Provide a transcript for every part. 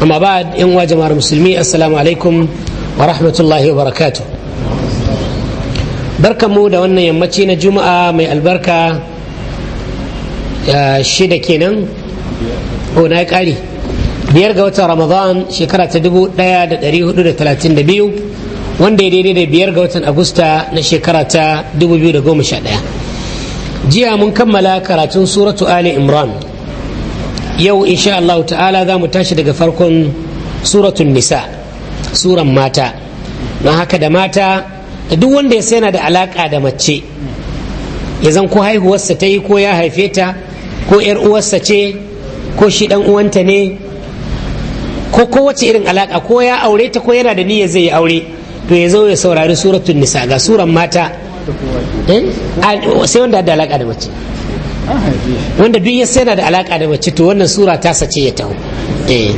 amma ba yan wa jama'ar musulmi assalamu alaikum wa rahmatullahi wa barakatu barkanmu da wannan yammaci na juma'a mai albarka shida kenan ko na kari biyar ga watan ramadan shekara ta 1432 wanda ya daidai da biyar ga watan agusta na shekara ta 2011 jiya mun kammala karatun suratu ali imran yau insha Allah ta'ala za mu tashi daga farkon suratun nisa suran mata don haka da mata da duk wanda ya sai yana da alaka da mace ya zan ko haihuwarsa ta yi ko ya haife ta ko yar uwarsa ce ko shi dan uwanta ne ko kowace irin alaka ko ya aure ta ko yana da niyyar zai yi aure to ya zo ya saurari suratun nisa ga suran mata eh? sai wanda da alaka da mace wanda duk ya yana da alaka da mace to wannan sura ta sace ya taho eh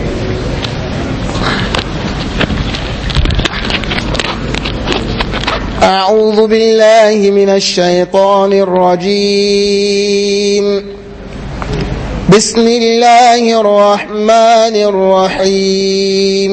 أعوذ بالله من الشيطان الرجيم بسم الله الرحمن الرحيم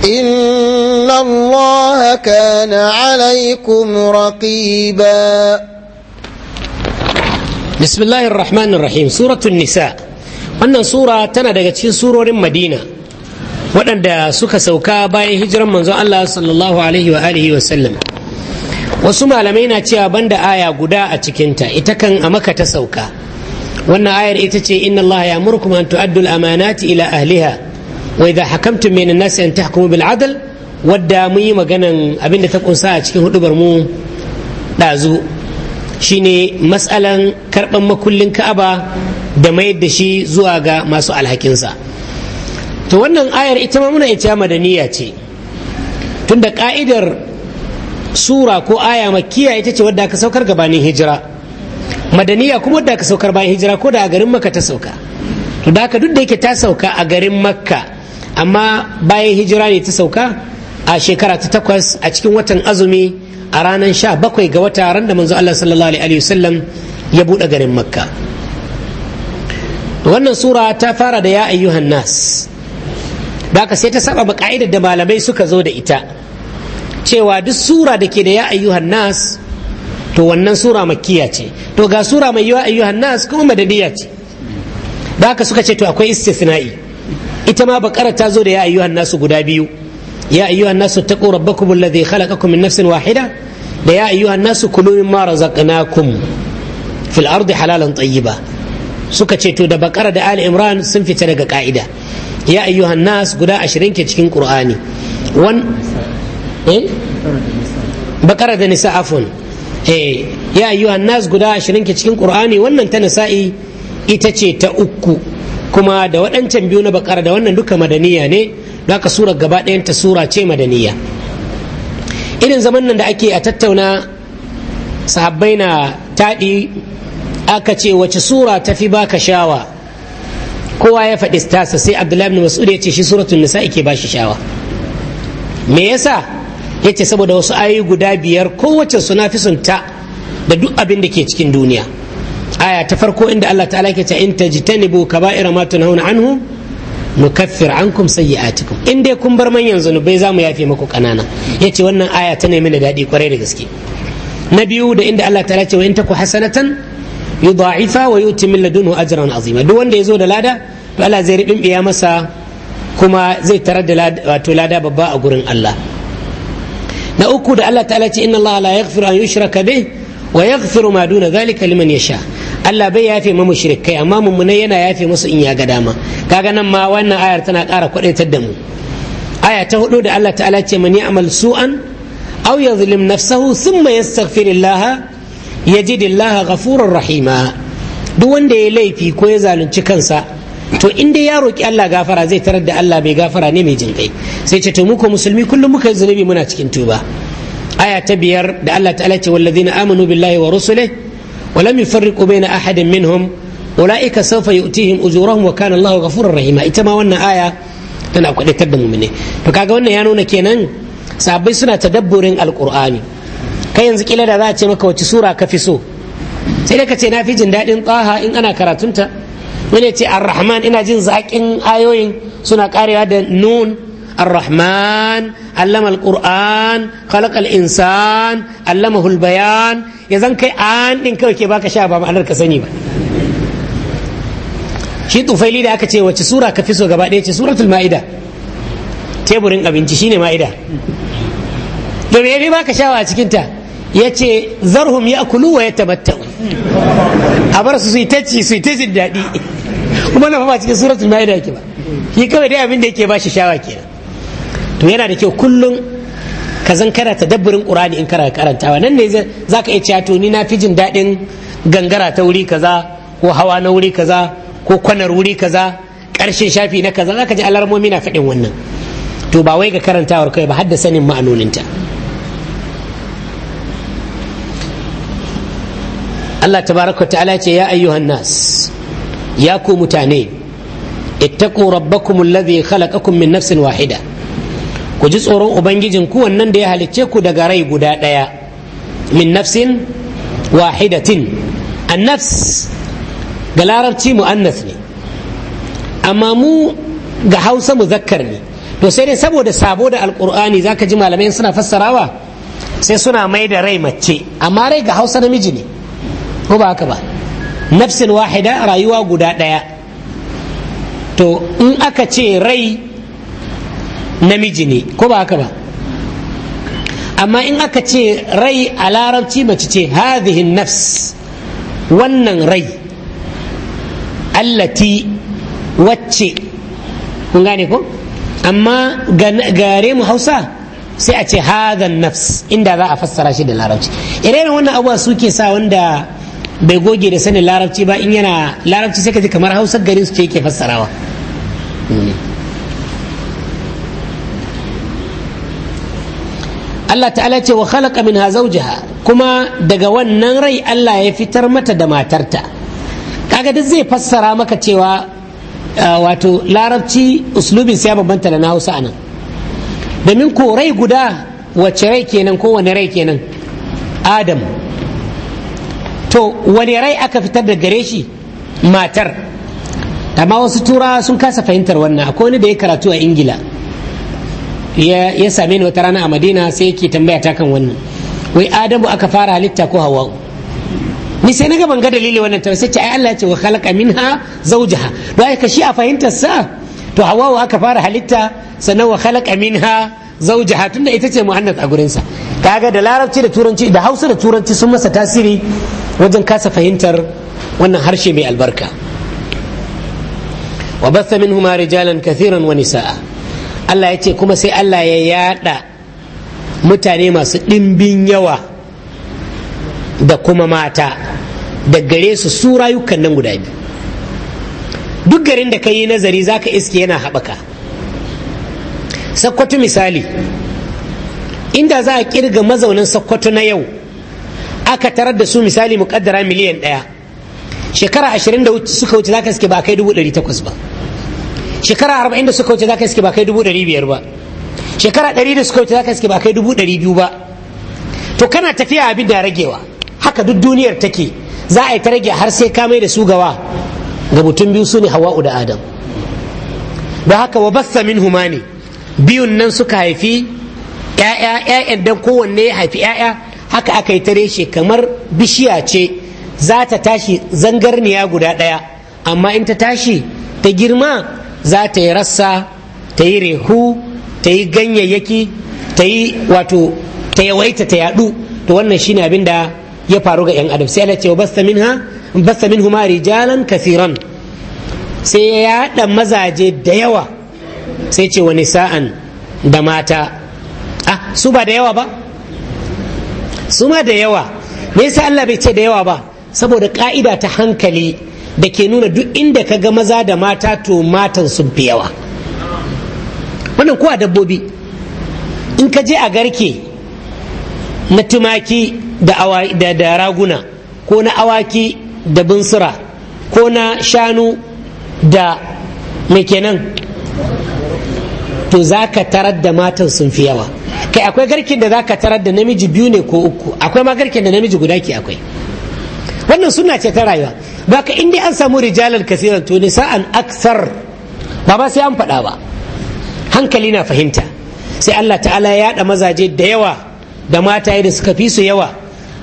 إن الله كان عليكم رقيبا بسم الله الرحمن الرحيم سورة النساء wannan sura tana daga cikin surorin madina waɗanda suka sauka bayan hijiran manzon Allah sallallahu alaihi wa alihi wa sallam wasu malamai na cewa banda aya guda a cikinta ita kan a maka ta sauka wannan ayar ita ce inna Allah ya murkum an tu'addul amanati ila ahliha Wai da hakamtum min an-nas an tahkumu bil adl wadda mun yi maganan abinda ta kunsa a cikin hudubar mu dazu shine matsalan karban makullin Ka'aba da mayar da shi zuwa ga masu alhakinsa to wannan ayar ita ma ita madaniya ce tunda ka'idar sura ko aya makiya ita ce wadda aka saukar gabanin hijira madaniya kuma wadda aka saukar bayan hijira ko da a garin makka ta sauka to da haka duk da yake ta sauka a garin makka amma bayan hijira ne ta sauka a shekara ta takwas a cikin watan azumi a ranar sha bakwai ga wata ran da manzo Allah sallallahu alaihi wasallam ya buɗe garin makka wannan sura ta fara da ya ayyuhan nas da sai ta saba ka'idar da malamai suka zo da ita cewa duk sura da ke da ya ayyuhan nas to wannan sura makkiya ce to ga sura mai ya ayyuhan nas kuma madaniya ce da suka ce to akwai istisna'i ita ma bakara ta zo da ya ayyuhan nasu guda biyu ya ayyuhan nasu taqu rabbakum alladhi khalaqakum min nafsin wahida da ya ayyuhan nasu kulu mimma razaqnakum fil ardi halalan tayyiba suka ce to da bakara da ali imran sun fita daga ka'ida ya ayyuhan nas guda 20 ke cikin qur'ani wan eh? bakara da nisa afun eh ya ayyuhan nas guda 20 ke cikin qur'ani wannan ta nisa'i ita ce ta uku kuma da waɗancan biyu na bakara da wannan duka madaniya ne da aka sura gaba ta sura ce madaniya irin zaman nan da ake a tattauna sahabbai na taɗi aka ce wace sura ta fi baka shawa kowa ya faɗi tasa sai abdullahi ibn mas'ud ya ce shi suratul nisa yake bashi shawa me yasa yace saboda wasu ayoyi guda biyar kowace suna fi sunta da duk abin da ke cikin duniya aya ta farko inda Allah ta'ala ke ce in tajtanibu kaba'ira ma tunhauna anhu nukaffir ankum sayyi'atikum in dai kun bar manyan zunubai za mu yafe muku kanana yace wannan aya ta nemi da daɗi kwarai da gaske na biyu da inda Allah ta'ala ce wa in taku hasanatan yudha'ifa wa yu'ti min ladunhu ajran azima duk wanda yazo da lada to Allah zai ribin biya masa kuma zai tarar da wato lada babba a gurin Allah na uku da Allah ta'ala ce inna Allah la yaghfiru an yushraka bihi wa yaghfiru ma duna zalika liman yasha Allah bai yafe mu mushrikai amma mummunai yana yafe musu in ya ga dama kaga nan ma wannan ayar tana ƙara kwadaitar da mu aya ta hudu da Allah ta'ala ce man ya'mal su'an aw yadhlim nafsahu thumma yastaghfirullaha yajidullaha ghafurur rahima duk wanda ya laifi ko ya zalunci kansa to inda ya roki Allah gafara zai tarar da Allah bai gafara ne mai jin kai sai ce to mu ko musulmi kullum muka yi zunubi muna cikin tuba aya ta biyar da Allah ta'ala ce wallazina amanu billahi wa rusule wa lam yufarriqu baina ahadin minhum ulaika sawfa yu'tihim ujurahum wa kana Allahu ghafurur rahima ita ma wannan aya tana kwadaitar da mu'mine to kaga wannan ya nuna kenan sabai suna ta dabburin Alƙur'ani kai yanzu kila da za a ce maka wace sura ka fi so sai dai ka ce na fi jin daɗin tsaha in ana karatunta wani ce ar-rahman ina jin zaƙin ayoyin suna karewa da nun الرحمن علم القرآن خلق الإنسان علمه البيان يزن كي آن إن كوي كي باك شابا ما أنر با شي طفيلي دا أكتي وچي سورة كفيسو غبا دي سورة المائدة teburin abinci shine ma'ida to me yafi baka shawa a cikin ta yace zarhum yakulu wa yatamattu a bar su ci su daɗi kuma na ba cikin suratul ma'ida ke ba shi kawai dai abin da yake ba shi shawa kenan to yana da kyau kullum ka zan kana tadabburin qur'ani in kana karantawa nan ne zaka iya cewa to ni na fi jin daɗin gangara ta wuri kaza ko hawa na wuri kaza ko kwanar wuri kaza ƙarshen shafi na kaza zaka ji alarmomi na faɗin wannan to ba wai ga karantawar kai ba har da sanin ma'anoninta Allah tabaraka ta'ala ce ya ayyuhan nas ya ku mutane ittaqu rabbakum alladhi khalaqakum min nafsin wahida ku ji tsoron ubangijin ku wannan da ya halicce ku daga rai guda ɗaya min nafsin wahidatin annafs ga larabci mu'annas ne amma mu ga hausa zakkar ne to sai dai saboda sabo da alkur'ani zaka ji malamai suna fassarawa sai suna mai da rai mace amma rai ga hausa namiji ne ko ba haka ba nafsin wahida rayuwa guda ɗaya to in aka ce rai namiji ne ko ba haka ba amma in aka ce rai a larabci mace ce hadihin nafs wannan rai allati wacce kun gane ko amma gare mu hausa sai a ce hadhan nafs inda za a fassara shi da larabci irin wannan abuwa suke sa wanda bai goge da sanin larabci ba in yana larabci sai ka ji kamar Hausar garin su ce yake fassarawa hmm. Allah ta'ala ce wa khalaqa minha zawjaha kuma daga wannan rai Allah ya fitar mata da matarta kaga duk zai fassara maka cewa uh, wato larabci uslubin sai bambanta da na Hausa anan domin ko rai guda wacce rai kenan ko wani rai kenan Adam to wani rai aka fitar da gare shi matar amma wasu turawa sun kasa fahimtar wannan akwai wani da ya karatu a ingila ya same ni wata rana a madina sai yake tambaya ta kan wannan wai adamu aka fara halitta ko hawa ni sai naga ban ga dalili wannan ta sai ai Allah ya ce wa khalaqa minha zawjaha ai ka shi a fahimtar sa to hawa aka fara halitta sannan wa khalaqa minha zawjaha tunda ita ce muhannas a gurin sa kaga da larabci da turanci da hausa da turanci sun masa tasiri wajen kasa fahimtar wannan harshe mai albarka wa batha minhuma rijalan kathiran wani sa'a. Allah ya ce kuma sai Allah ya yada mutane masu ɗimbin yawa da kuma mata da gare su su rayukan nan guda biyu duk garin da ka yi nazari za ka iske yana haɓaka sakkwato misali inda za a kirga mazaunin sakkwato na yau aka tarar da su misali muƙaddara miliyan ɗaya shekara ashirin da suka wuce za ka iske ba kai dubu ɗari takwas ba shekara arba'in da suka wuce za ka iske ba kai dubu ɗari biyar ba shekara ɗari da suka wuce za ka iske ba kai dubu ɗari biyu ba to kana tafiya abin da ragewa haka duk duniyar take za a yi ta rage har sai ka mai da su gawa ga mutum biyu su ne hawa'u da adam da haka wa basta min huma ne biyun nan suka haifi ya'ya ya'yan dan kowanne ya haifi ya'ya haka aka yi tare shi kamar bishiya ce za ta tashi zangarniya guda ɗaya amma in ta tashi ta girma za ta yi rassa ta yi rehu ta yi ganyayyaki ta yi wato ta yawaita ta yadu to wannan shine abin da ya faru ga 'yan adam sai ala ce wa basta minha basta huma rijalan kasiran sai ya yada mazaje da yawa sai ce wani sa'an da mata ah su ba da yawa ba su ma da yawa me yasa Allah bai ce da yawa ba saboda ka'ida ta hankali da ke nuna duk inda ka ga maza da mata to matan sun fi yawa wannan kuwa dabbobi in ka je a garke na tumaki da raguna ko na awaki da bunsura ko na shanu da mai kenan to za ka tarar da matan sun fi yawa kai akwai garkin da za ka tarar da namiji biyu ne ko uku akwai ma garkin da namiji guda ke akwai wannan suna ce ta rayuwa baka inda an samu rijalar kasiran to nisa'an aksar ba ba sai an faɗa ba hankali na fahimta sai Allah ta'ala ya yaɗa mazaje da yawa da mata da suka fi su yawa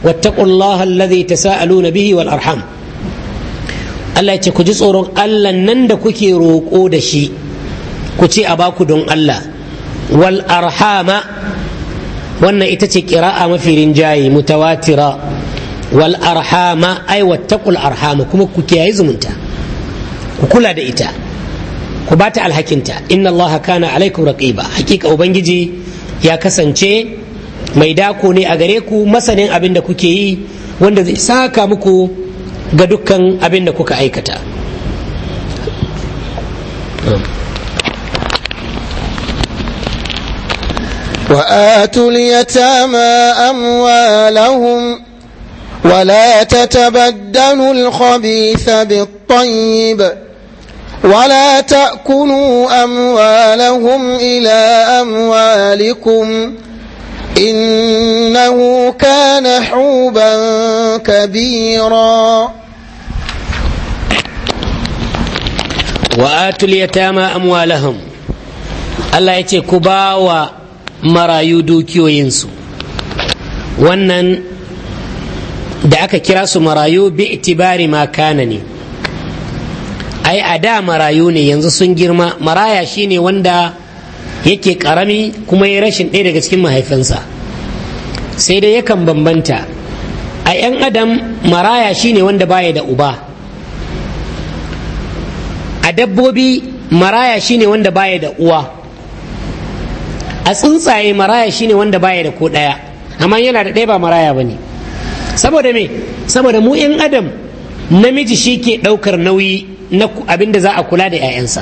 wattaqullaha alladhi tasaaluna bihi wal arham Allah ya ce ku ji tsoron Allah nan da kuke roƙo da shi ku ce a baku don Allah wal arhama wannan ita ce ƙira'a mafi rinjaye mutawatira wal arhama ai wattaqul arhama kuma ku kiyaye zumunta ku kula da ita ku ba ta alhakinta inna Allah kana alaikum raqiba hakika ubangiji ya kasance mai dako ne a gare ku masanin abin da kuke yi wanda zai saka muku ga dukkan abin da kuka aikata Wa atul yatama أموالهم ولا تتبدلوا الخبيث بالطيب ولا تأكلوا أموالهم إلى أموالكم إنه كان حوبا كبيرا وآتوا اليتامى أموالهم الله يتكبا ومرا يدوكي وينسو wannan da aka kira su marayu bi itibari ma kana ne ai a da marayu ne yanzu sun girma maraya shine wanda yake karami kuma ya rashin ɗaya daga cikin mahaifinsa sai dai yakan bambanta a 'yan adam maraya shine wanda baya da uba a dabbobi maraya shine wanda baya da uwa a tsuntsaye maraya shine wanda baya da ko ɗaya amma yana da ɗaya ba maraya ba ne saboda me saboda mu 'yan adam namiji shi ke ɗaukar nauyi na abin da za a kula da 'ya'yansa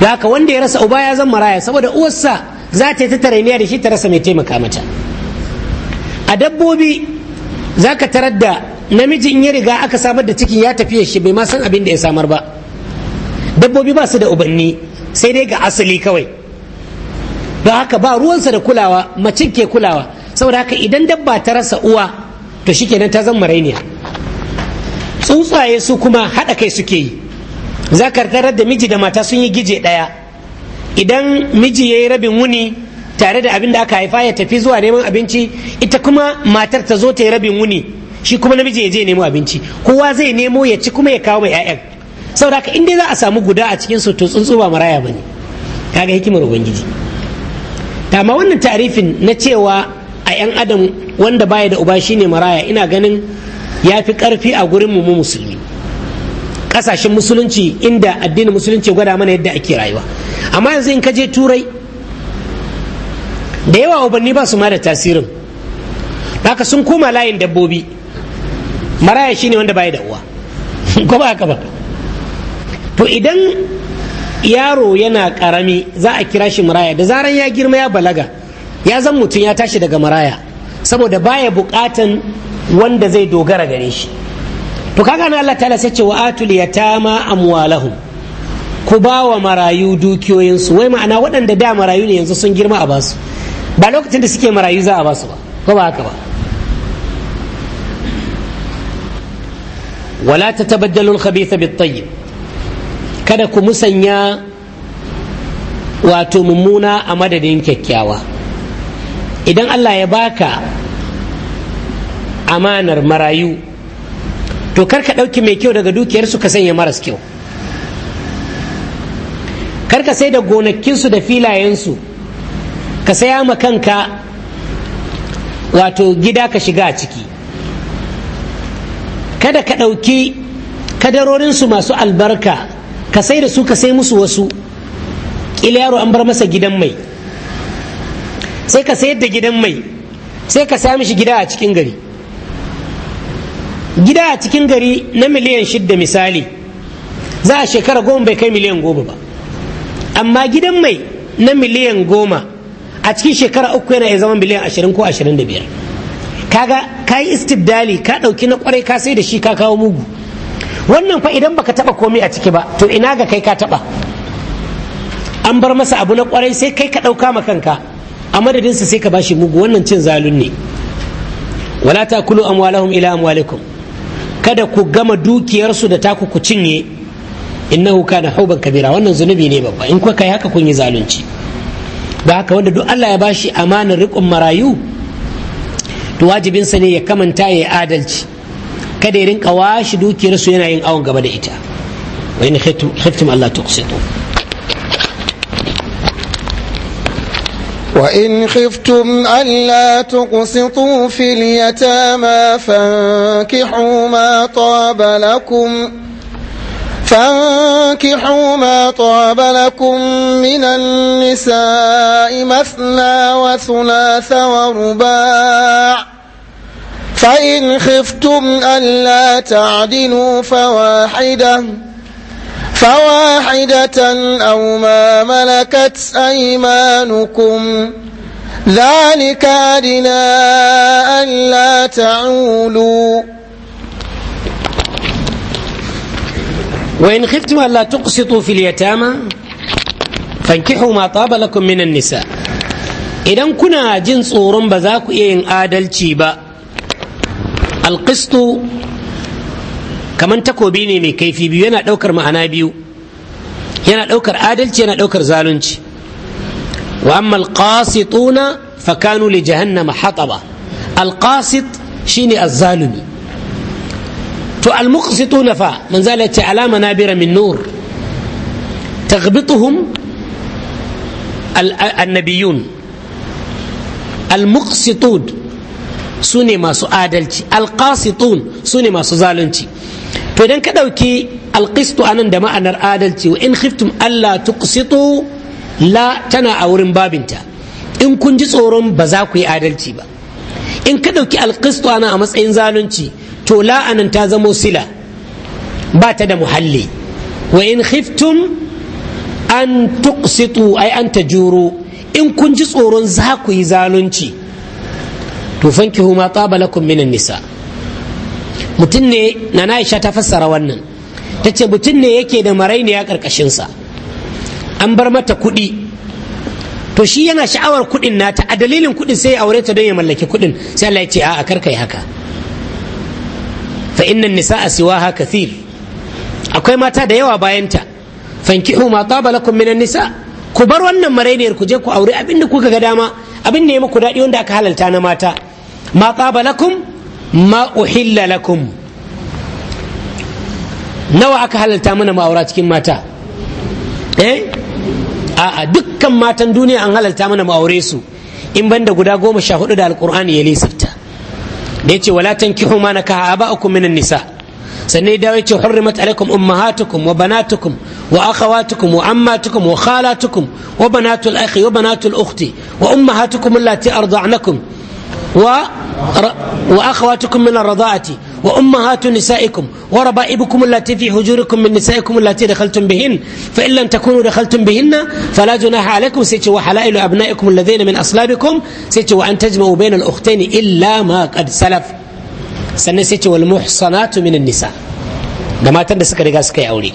da haka wanda ya rasa uba ya zan maraya saboda uwarsa za ta yi ta da shi ta rasa mai taimaka mata a dabbobi za ka tarar da namiji in ya riga aka samar da cikin ya tafiya shi bai ma san abin da ya samar ba dabbobi ba su da ubanni sai dai ga asali kawai da haka ba ruwansa da kulawa macin ke kulawa saboda haka idan dabba ta rasa uwa to shikenan ta zama rainiya tsuntsaye su kuma haɗa kai suke yi za tarar da miji da mata sun yi gije ɗaya idan miji ya yi rabin wuni tare da abin da aka haifa ya tafi zuwa neman abinci ita kuma matar ta zo ta yi rabin wuni shi kuma namiji ya je nemo abinci kowa zai nemo ya ci kuma ya kawo mai ƴaƴan saboda haka in dai za a samu guda a cikin su to tsuntsu ba maraya bane kaga hikimar ubangiji amma wannan tarifin na cewa a 'yan adam wanda baya da uba shine maraya ina ganin ya fi karfi a gurin mu musulmi kasashen musulunci inda addinin musulunci gwada mana yadda ake rayuwa amma yanzu in ka je turai da yawa ubanni ba su ma da tasirin haka sun koma layin dabbobi maraya shine wanda baya da uwa ko ba haka ba to idan yaro yana karami za a kira shi maraya da zaran ya girma ya balaga ya zan mutum ya tashi daga maraya saboda baya bukatan wanda zai dogara gare shi to kaga na Allah ta'ala sai ce wa atul yatama amwalahum ku ba wa marayu dukiyoyinsu wai ma'ana waɗanda da marayu ne yanzu sun girma a basu ba lokacin da suke marayu za a basu ba ko ba haka ba wala ta tabaddalul khabitha bit tayyib kada ku musanya wato mummuna a madadin kyakkyawa idan Allah ya baka amanar marayu to kar ka ɗauki mai kyau daga dukiyar su ka sanya maras kyau kar ka sai da gonakinsu da filayensu ka saya ma kanka wato gida ka shiga a ciki kada ka ɗauki kadarorinsu masu albarka ka sai da su ka sai musu wasu ƙila yaro an bar masa gidan mai sai ka sayar da gidan mai sai ka sami shi gida a cikin gari gida a cikin gari na miliyan shidda misali za a shekara goma bai kai miliyan goma ba amma gidan mai na miliyan goma a cikin shekara uku yana ya zama miliyan ashirin ko ashirin da biyar kaga ka yi istibdali ka ɗauki na kwarai ka sai da shi ka kawo mugu wannan fa idan baka taba komai a ciki ba to ina ga kai ka taba an bar masa abu na kwarai sai kai ka ɗauka ma kanka a madadinsa sai ka bashi mugu wannan cin zalun ne wala ta kulu amwalahum ila amwalikum kada ku gama dukiyarsu da taku ku cinye innahu kana hauban kabira wannan zunubi ne babba in kuka kai haka kun yi zalunci da haka wanda duk Allah ya bashi amanar riƙon marayu to wajibinsa ne ya kamanta ya adalci kada ya rinka washi dukiyarsu yana yin awon gaba da ita wa in khiftum Allah tuqsitu وإن خفتم ألا تقسطوا في اليتامى فانكحوا ما طاب لكم فانكحوا ما طاب لكم من النساء مثنى وثلاث ورباع فإن خفتم ألا تعدلوا فواحدة فواحدة أو ما ملكت أيمانكم ذلك أدنى ألا تعولوا وإن خفتم ألا تقسطوا في اليتامى فانكحوا ما طاب لكم من النساء إذا كنا جنس صورم بذاك إيه إن آدل تشيبا القسط kamar takobi ne mai kaifi biyu yana ɗaukar ma'ana biyu yana ɗaukar adalci yana ɗaukar zalunci wa amma alqasituna fa kanu li jahannama hataba alqasit shine azzalumi to almuqsituna fa man zala alama nabira min nur taghbituhum annabiyun almuqsitun su ne masu adalci alqasitun su ne masu zalunci to idan ka ɗauki alƙistu a nan da ma'anar adalci wa'in in khiftum Allah tuqsitu la tana a wurin babinta in kun ji tsoron ba za ku yi adalci ba in ka ɗauki alƙistu a nan a matsayin zalunci to la anan ta zamo sila ba ta da muhalli wa in khiftum an tuqsitu ai an juro in kun ji tsoron za ku yi zalunci to fankihu ma taba lakum minan nisa' mutum ne na aisha ta fassara wannan ta ce mutum ne yake da marainiya ƙarƙashinsa an bar mata kuɗi to shi yana sha'awar kuɗin nata a dalilin kuɗin sai ya aure ta don ya mallaki kuɗin sai Allah ya ce a'a kar haka fa innan nisa'a siwaha kathir akwai mata da yawa bayanta fankihu ma taba lakum minan nisa' ku bar wannan marainiyar ku je ku aure abinda kuka ga dama abin ne muku daɗi wanda aka halalta na mata ma qabalakum ma uhilla lakum nawa aka halalta mana ma'aura cikin mata eh a'a dukkan matan duniya an halalta mana aure su in banda guda goma sha hudu da alkur'ani ya lissafta da yace wala tankihu kaha nakaha aba'ukum minan nisa' sannan ya ce hurrimat alaikum ummahatukum wa banatukum wa akhawatukum wa ammatukum wa khalatukum wa banatul akhi wa banatul ukhti wa ummahatukum allati arda'nakum و وأخواتكم من الرضاعة وأمهات نسائكم وربائبكم التي في حجوركم من نسائكم التي دخلتم بهن فإن لم تكونوا دخلتم بهن فلا جناح عليكم سيتي وحلائل أبنائكم الذين من أصلابكم سيتي وأن تجمعوا بين الأختين إلا ما قد سلف سنة sai ce من النساء minan nisa ga matan da suka riga suka yi aure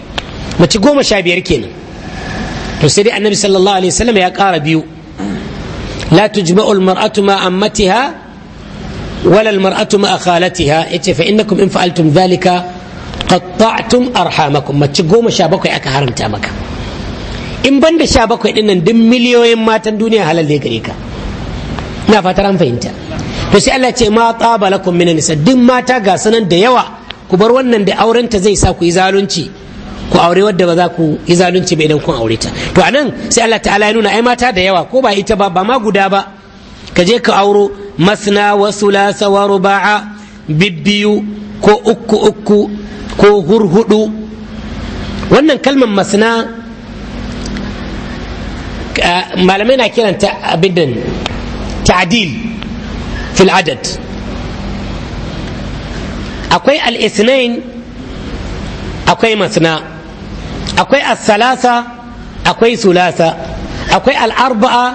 mace goma sha biyar kenan to sai dai annabi sallallahu alaihi wasallam wala almar'atu ma khalatiha yace fa innakum in fa'altum dhalika qatta'tum arhamakum mace goma sha bakwai aka haramta maka in banda sha bakwai din nan duk miliyoyin matan duniya halal ne gare ka na fatar an fahimta to sai Allah ce ma taba lakum minan nisa mata ga sanan da yawa ku bar wannan da aurenta zai sa ku yi zalunci ku aure wadda ba za ku yi zalunci ba idan kun aure ta to anan sai Allah ta'ala ya nuna ai mata da yawa ko ba ita ba ba ma guda ba ka je ka auro masna wa sulasa wa ruba'a bibbiyu ko uku uku ko hurhudu wannan kalmar masna malamai na kiranta abidan ta'adil fil adad akwai al'isnain akwai masna akwai as-salasa akwai sulasa akwai al'arba'a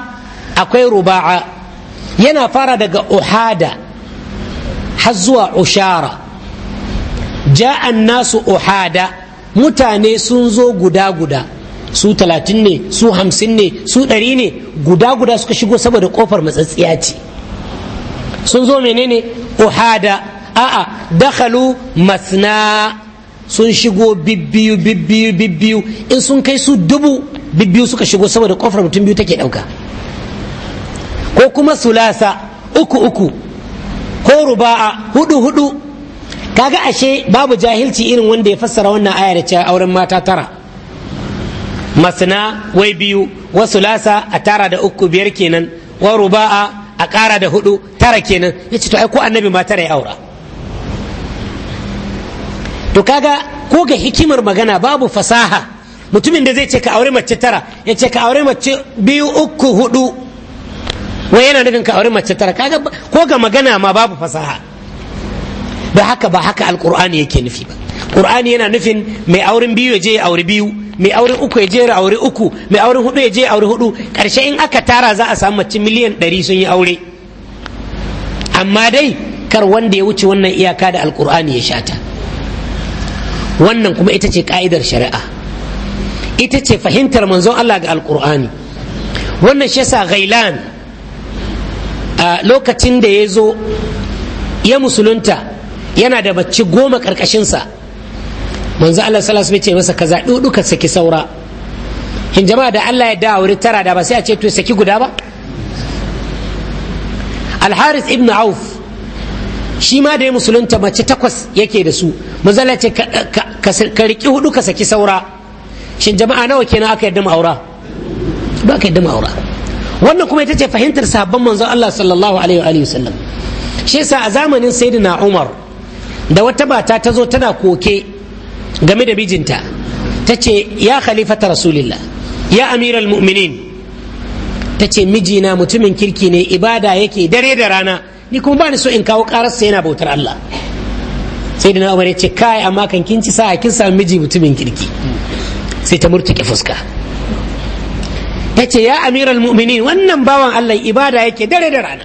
akwai ruba'a yana fara daga uhada har zuwa ushara ja'an nasu uhada mutane sun zo guda-guda su talatin ne su hamsin ne su ɗari ne guda-guda suka shigo saboda ƙofar matsatsiya ce sun zo menene uhada a'a dakhalu masna sun shigo bibbiyu bibbiyu bibbiyu in sun kai su dubu bibbiyu suka shigo saboda ƙofar mutum biyu take ɗauka ko kuma sulasa uku uku ko ruba'a hudu hudu kaga ashe babu jahilci irin wanda ya fassara wannan aya da cewa auren mata tara masana wai biyu wa sulasa a tara da uku biyar kenan wa ruba'a a kara da hudu tara kenan ya ce to ai ko annabi ma tara ya aura to kaga ko ga hikimar magana babu fasaha mutumin da zai ce ka aure mace tara yace ka aure mace biyu uku hudu wai yana nufin ka auri mace tara kaga ko ga magana ma babu fasaha ba haka ba haka alqur'ani yake nufi ba qur'ani yana nufin mai auren biyu ya je ya auri biyu mai auren uku ya je ya auri uku mai auren hudu ya je ya auri hudu karshe in aka tara za a samu mace miliyan ɗari sun yi aure amma dai kar wanda ya wuce wannan iyaka da alqur'ani ya shata wannan kuma ita ce ka'idar shari'a ita ce fahimtar manzon Allah ga alqur'ani wannan shi yasa ghailan a lokacin da ya zo ya musulunta yana da bacci goma ƙarƙashinsa manzo Allah sallallahu alaihi ce masa ka zaɓi ka saki saura in jama'a da Allah ya da wuri tara da ba sai a ce to saki guda ba alharis ibn auf shi ma da ya musulunta mace takwas yake da su manzo Allah ce ka riƙi hudu ka saki saura shin jama'a nawa kenan aka yadda mu aura ba aka yadda mu aura wannan kuma ita ce fahimtar sabon manzon Allah sallallahu alaihi wa shi yasa a zamanin sayyidina Umar da wata mata ta zo tana koke game da mijinta ta ce ya khalifata rasulillah ya amiral mu'minin ta ce mijina mutumin kirki ne ibada yake dare da rana ni kuma bani so in kawo kararsa yana bautar Allah Sayyidina umar ya ce kai amma kan kin sa sa'a kin sami miji mutumin kirki sai ta murtuke fuska yace ya amiral mu'minin wannan bawan Allah ibada yake dare da rana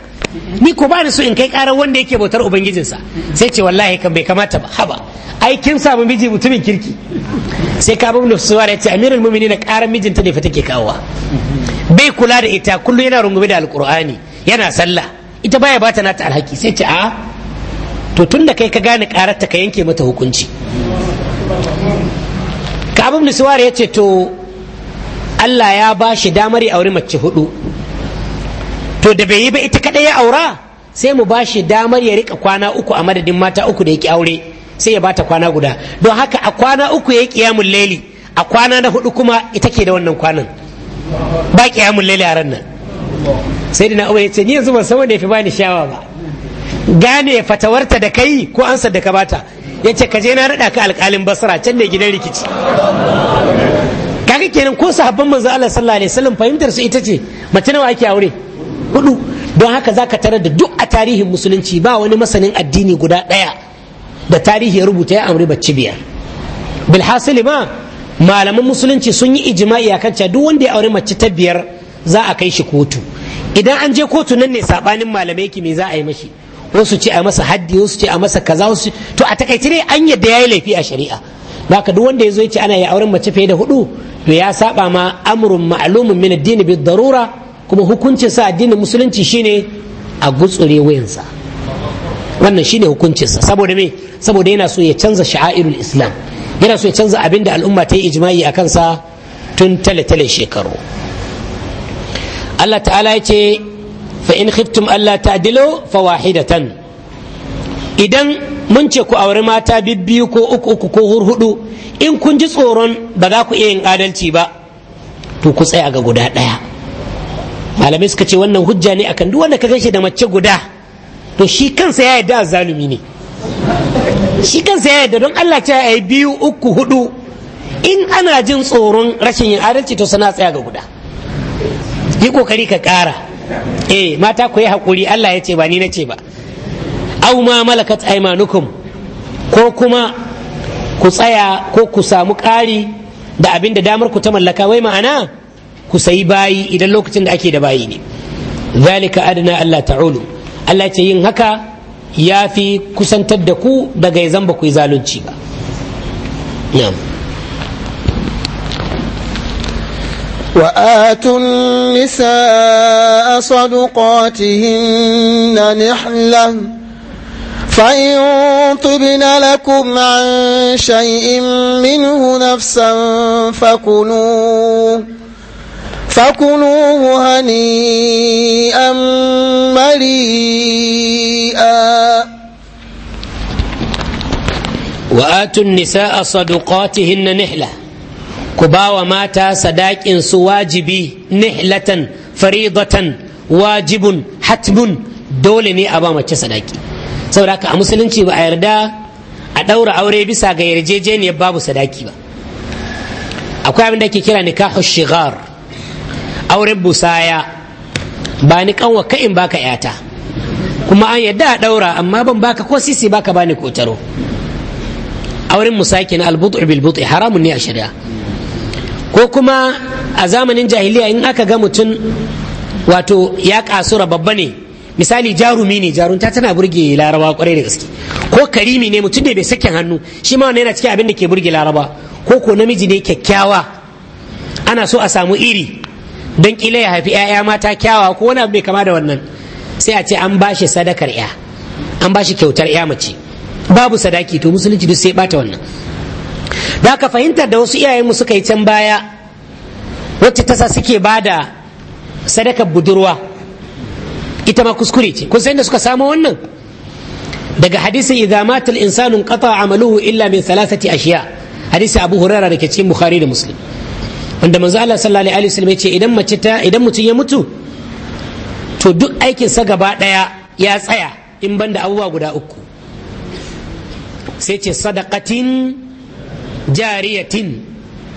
ni ko ba ni so in kai karar wanda yake bautar ubangijinsa sai ce wallahi kan bai kamata ba haba ai kin samu miji mutumin kirki sai ka bin nufsuwa ya ce amirul mu'minin karar mijinta ne fa take kawowa bai kula da ita kullum yana rungume da alqur'ani yana sallah ita baya bata nata alhaki sai ce a to da kai ka gane karar ta ka yanke mata hukunci ka bin nufsuwa ya ce to Allah ya ba shi damar ya auri mace hudu to da bai yi ba ita kadai ya aura sai mu ba shi damar ya rika kwana uku a madadin mata uku da yake aure sai ya bata kwana guda don haka a kwana uku ya kiyamun laili a kwana na hudu kuma ita ke da wannan kwanan ba kiyamun laili a ran nan sai dina ya ce ni yanzu ban san wanda ya fi bani shawa ba gane fatawarta da kai ko ansa da ka bata ya ce ka je na rada ka alkalin basra can ne gidan rikici kaga kenan ko sahabban manzo Allah sallallahu alaihi wasallam fahimtar su ita ce mace nawa ake aure hudu don haka zaka tarar da duk a tarihin musulunci ba wani masanin addini guda daya da tarihi ya rubuta ya amri bacci biyar bilhassali ma malaman musulunci sun yi ijma'i akan cewa duk wanda ya aure mace ta biyar za a kai shi kotu idan an je kotu nan ne sabanin malamai ki me za a yi mashi wasu ce a masa haddi wasu ce a masa kaza wasu to a takaice ne an yadda yayi laifi a shari'a haka duk wanda ya zo ya ce ana yi auren mace fiye da hudu to ya saba ma amrun maalumin min addini bi darura kuma hukuncin sa addinin musulunci shine a gutsure wayansa wannan shine hukuncin sa saboda me saboda yana so ya canza sha'airul islam yana so ya canza abinda al'umma ta yi ijma'i a kansa tun tale-tale shekaru Allah ta'ala ya ce fa in khiftum alla ta'dilu fawahidatan idan mun ce ku auri mata bibbiyu ko uku uku ko hurhudu in kun ji tsoron ba za ku iya yin adalci ba to ku tsaya ga guda ɗaya malamai suka ce wannan hujja ne akan duk wanda ka ganshi da mace guda to shi kansa ya yarda zalumi ne shi kansa ya yarda don Allah ce ai biyu uku hudu in ana jin tsoron rashin yin adalci to sana tsaya ga guda yi kokari ka kara eh mata ku yi hakuri Allah ya ce ba ni na ce ba aw ma malakat aymanukum ko kuma ku tsaya ko ku samu ƙari da abinda damar ku ta mallaka wai ma'ana ku sayi bayi idan lokacin da ake da bayi ne zalika adana Allah ta'ulu Allah ce yin haka ya fi kusantar da ku daga ya zamba ku zalunci ba وآتوا النساء صدقاتهن نحلةً فإن طبن لكم عن شيء منه نفسا فكلوه فكلوه هنيئا مريئا وآتوا النساء صدقاتهن نحلة كباوة ماتا صداك إنس واجبي نحلة فريضة واجب حتم دولني أبا ما صداكي saboda haka a musulunci ba a yarda a ɗaura aure bisa ga yarjejeniyar babu sadaki ba akwai abin da ke kira nikahu shigar auren busaya ba ni kanwa ka'in baka yata kuma an yadda a ɗaura amma ban baka ko sisi baka bani kotaro auren musaki na albutu bil butu haramun ne a shari'a ko kuma a zamanin jahiliya in aka ga mutum wato ya kasura babba ne misali jarumi ne jarunta tana burge laraba kwarai da gaske ko karimi ne mutum ne bai sake hannu shi ma wannan yana cikin abin da ke burge laraba ko ko namiji ne kyakkyawa ana so a samu iri don kila ya haifi 'ya'ya mata kyawa ko wani abu mai kama da wannan sai a ce an ba shi sadakar 'ya an ba shi kyautar 'ya mace babu sadaki to musulunci duk sai bata wannan da ka fahimtar da wasu iyayenmu suka yi can baya wacce tasa suke bada da sadakar budurwa ita ma kuskure ce kun san da suka samu wannan daga hadisin idza mata al-insanu qata amaluhu illa min thalathati ashiya hadisi abu hurairah da ke cikin bukhari da muslim wanda manzo Allah sallallahu alaihi wasallam ya ce idan mace ta idan mutum ya mutu to duk aikin sa gaba daya ya tsaya in banda abubuwa guda uku sai ce sadaqatin jariyatin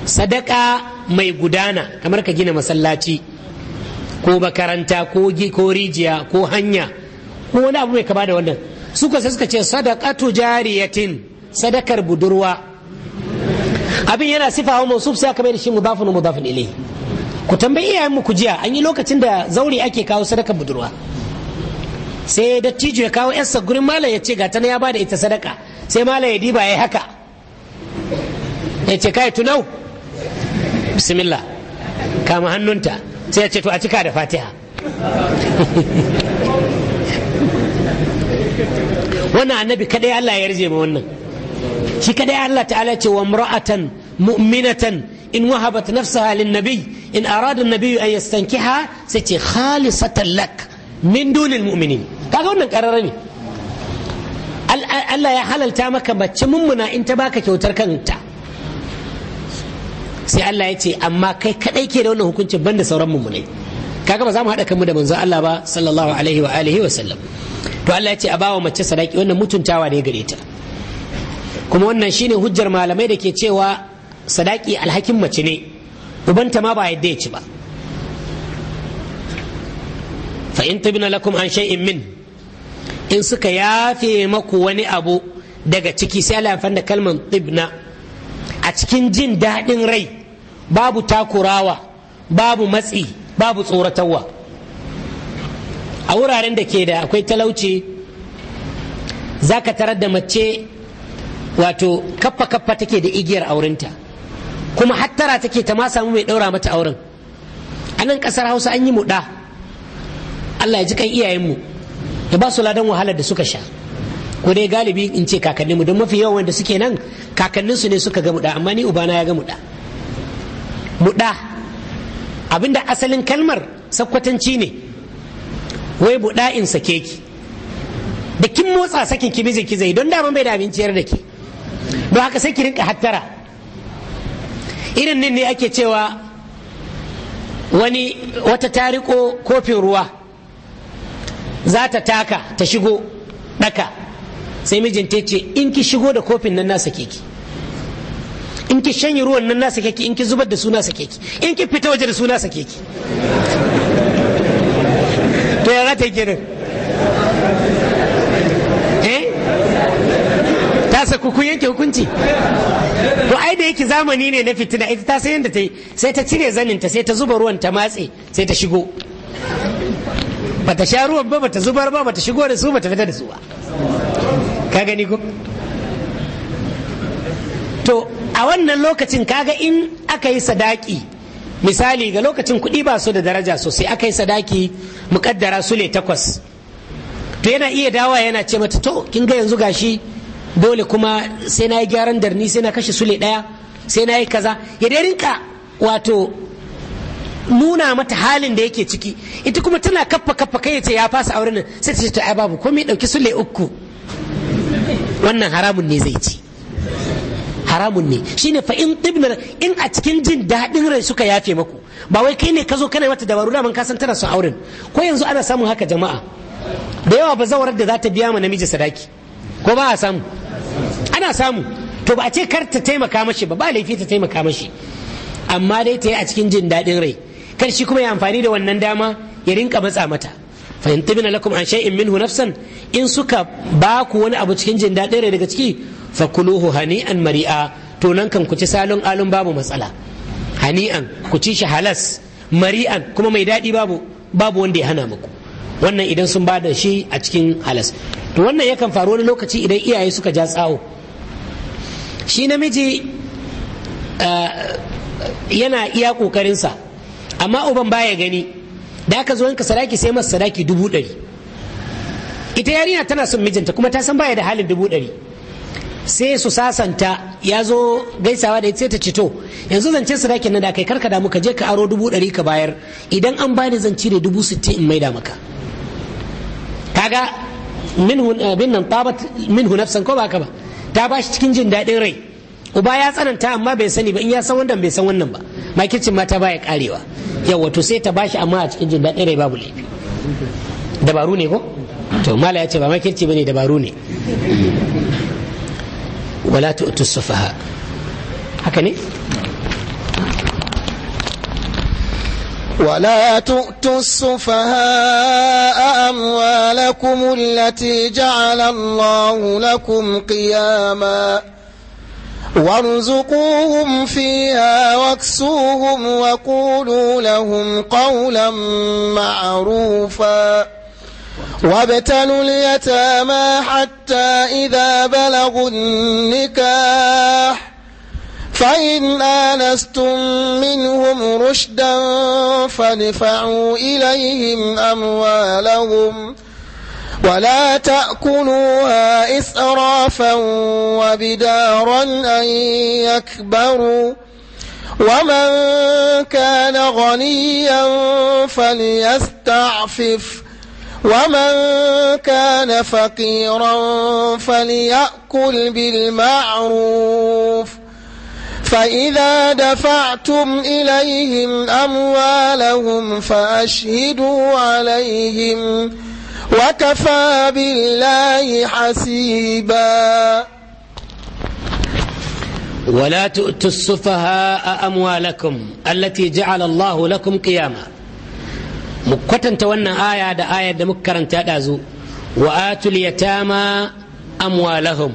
sadaka mai gudana kamar ka gina masallaci ko makaranta ko ko rijiya ko hanya ko wani abu mai kama da wannan suka sai suka ce sadaqatu jariyatin sadakar budurwa abin yana sifa wa mausuf sai aka mai da shi mudafun mudafun ilayhi ku tambayi iyayen mu ku jiya an yi lokacin da zauri ake kawo sadakar budurwa sai dattijo ya kawo yarsa gurin malam ya ce ga ta ya bada ita sadaka sai malam ya diba ya haka ya ce kai tunau bismillah kama hannunta sai ya ce to a cika da fatiha wannan annabi kadai Allah ya yarje wannan shi kadai Allah ta'ala ce wa mra'atan mu'minatan in wahabat nafsaha lin nabi in arada an-nabi an yastankiha sai ce khalisatan lak min dunil mu'minin kaga wannan karara ne Allah ya halalta maka mace mummuna in ta baka kyautar kanta sai Allah ya ce amma kai kadai ke da wannan hukuncin banda sauran mummunai kaga ba za mu hada kanmu da manzon Allah ba sallallahu alaihi wa alihi wa sallam to Allah ya ce a bawa mace sadaki wannan mutuntawa ne gare ta kuma wannan shine hujjar malamai da ke cewa sadaki alhakin mace ne ubanta ma ba yadda ya ci ba fa in tabina lakum an shay'in min in suka yafe maku wani abu daga ciki sai Allah ya fanda kalmar tibna a cikin jin daɗin rai babu takurawa babu matsi babu tsoratarwa a wuraren da ke da akwai talauci za ka tarar da mace wato kaffa kaffa take da igiyar aurenta kuma hattara take ta ma samu mai ɗaura mata auren a nan ƙasar hausa an yi muɗa allah ya ji kan iyayenmu da ba su ladan wahalar da suka sha ko dai galibi in ce kakanninmu don mafi yawan wanda suke nan kakannin su ne suka ga muɗa amma ni ubana ya ga muɗa muɗa abinda asalin kalmar Sakwatanci ne wai buɗa in sake ki da kin motsa sakin ki miji ki zai don daman bai da abinciyar da ke. don haka sai ki rinka hattara irin nan ne ake cewa wani wata tariko kofin ruwa za ta taka ta shigo ɗaka sai mijinta ce in ki shigo da kofin nan nasa ki in ki shanye ruwan nan nasa ki in ki zubar da su sake ki in ki fita waje da su sake ki to ya rata kenan eh ta saku kun yanke hukunci to ai da yake zamani ne na fitina ita ta san yadda ta yi sai ta cire zaninta sai ta zuba ruwan ta matse sai ta shigo bata sha ruwan ba bata zubar ba bata shigo da su bata fita da su ba ka gani ko to a wannan lokacin kaga in aka yi sadaki misali ga lokacin kuɗi ba su da daraja sosai aka yi sadaki muƙaddara su ne takwas to yana iya dawa yana ce mata to kin ga yanzu gashi dole kuma sai na yi gyaran darni sai na kashe sule ɗaya sai na yi kaza ya dai rinka wato nuna mata halin da yake ciki ita kuma tana kaffa kaffa kai ya ce ya fasa auren nan sai ta ce to ai babu komai ɗauki sule uku wannan haramun ne zai ci haramun ne shine fa in tibnar in a cikin jin daɗin rai suka yafe maku ba wai kai ne ka zo kana mata dabaru daman ka san tana son auren ko yanzu ana samun haka jama'a da yawa ba zawarar da za ta biya ma namiji sadaki ko ba a samu ana samu to ba a ce kar ta taimaka mashi ba ba laifi ta taimaka mashi amma dai ta yi a cikin jin daɗin rai kar shi kuma ya amfani da wannan dama ya rinka matsa mata fahimtabina lakum an shay'in minhu nafsan in suka ba ku wani abu cikin jin daɗin rai daga ciki fakuluhu hani'an mari'a to nan kan ku ci salon alun babu matsala hani'an ku ci shi halas mari'an kuma mai daɗi babu babu wanda ya hana muku wannan idan sun bada shi a cikin halas to wannan yakan faru wani lokaci idan iyaye suka ja tsawo shi namiji yana iya ƙoƙarinsa amma uban baya gani da aka zo yanka sadaki sai masa sadaki dubu ɗari ita yarinya tana son mijinta kuma ta san baya da halin dubu ɗari sai su sasanta ya zo gaisawa da sai ta cito yanzu zance sadakin na da kai karka damu ka je ka aro dubu ɗari ka bayar idan an bani zan cire dubu sittin in maida maka kaga min nan tabat nafsan ko ba ka ba ta bashi cikin jin daɗin rai uba ya tsananta amma bai sani ba in ya san wannan bai san wannan ba ma mata baya karewa yawa to sai ta bashi amma a cikin jin daɗin rai babu laifi dabaru ne ko to mala ya ce ba makirci bane dabaru ne wala tu'tu sufaha haka ne ولا تؤتوا السفهاء أموالكم التي جعل الله لكم قياماً وارزقوهم فيها واكسوهم وقولوا لهم قولا معروفا وابتلوا اليتامى حتى إذا بلغوا النكاح فإن آنستم منهم رشدا فادفعوا إليهم أموالهم ولا تأكلوها إسرافا وبدارا أن يكبروا ومن كان غنيا فليستعفف ومن كان فقيرا فليأكل بالمعروف فإذا دفعتم إليهم أموالهم فأشهدوا عليهم فأشهدوا عليهم وكفى بالله حسيبا ولا تؤتوا السفهاء أموالكم التي جعل الله لكم قياما مكتن تونا آية دا آية دا مكرا تأدازو وآتوا اليتامى أموالهم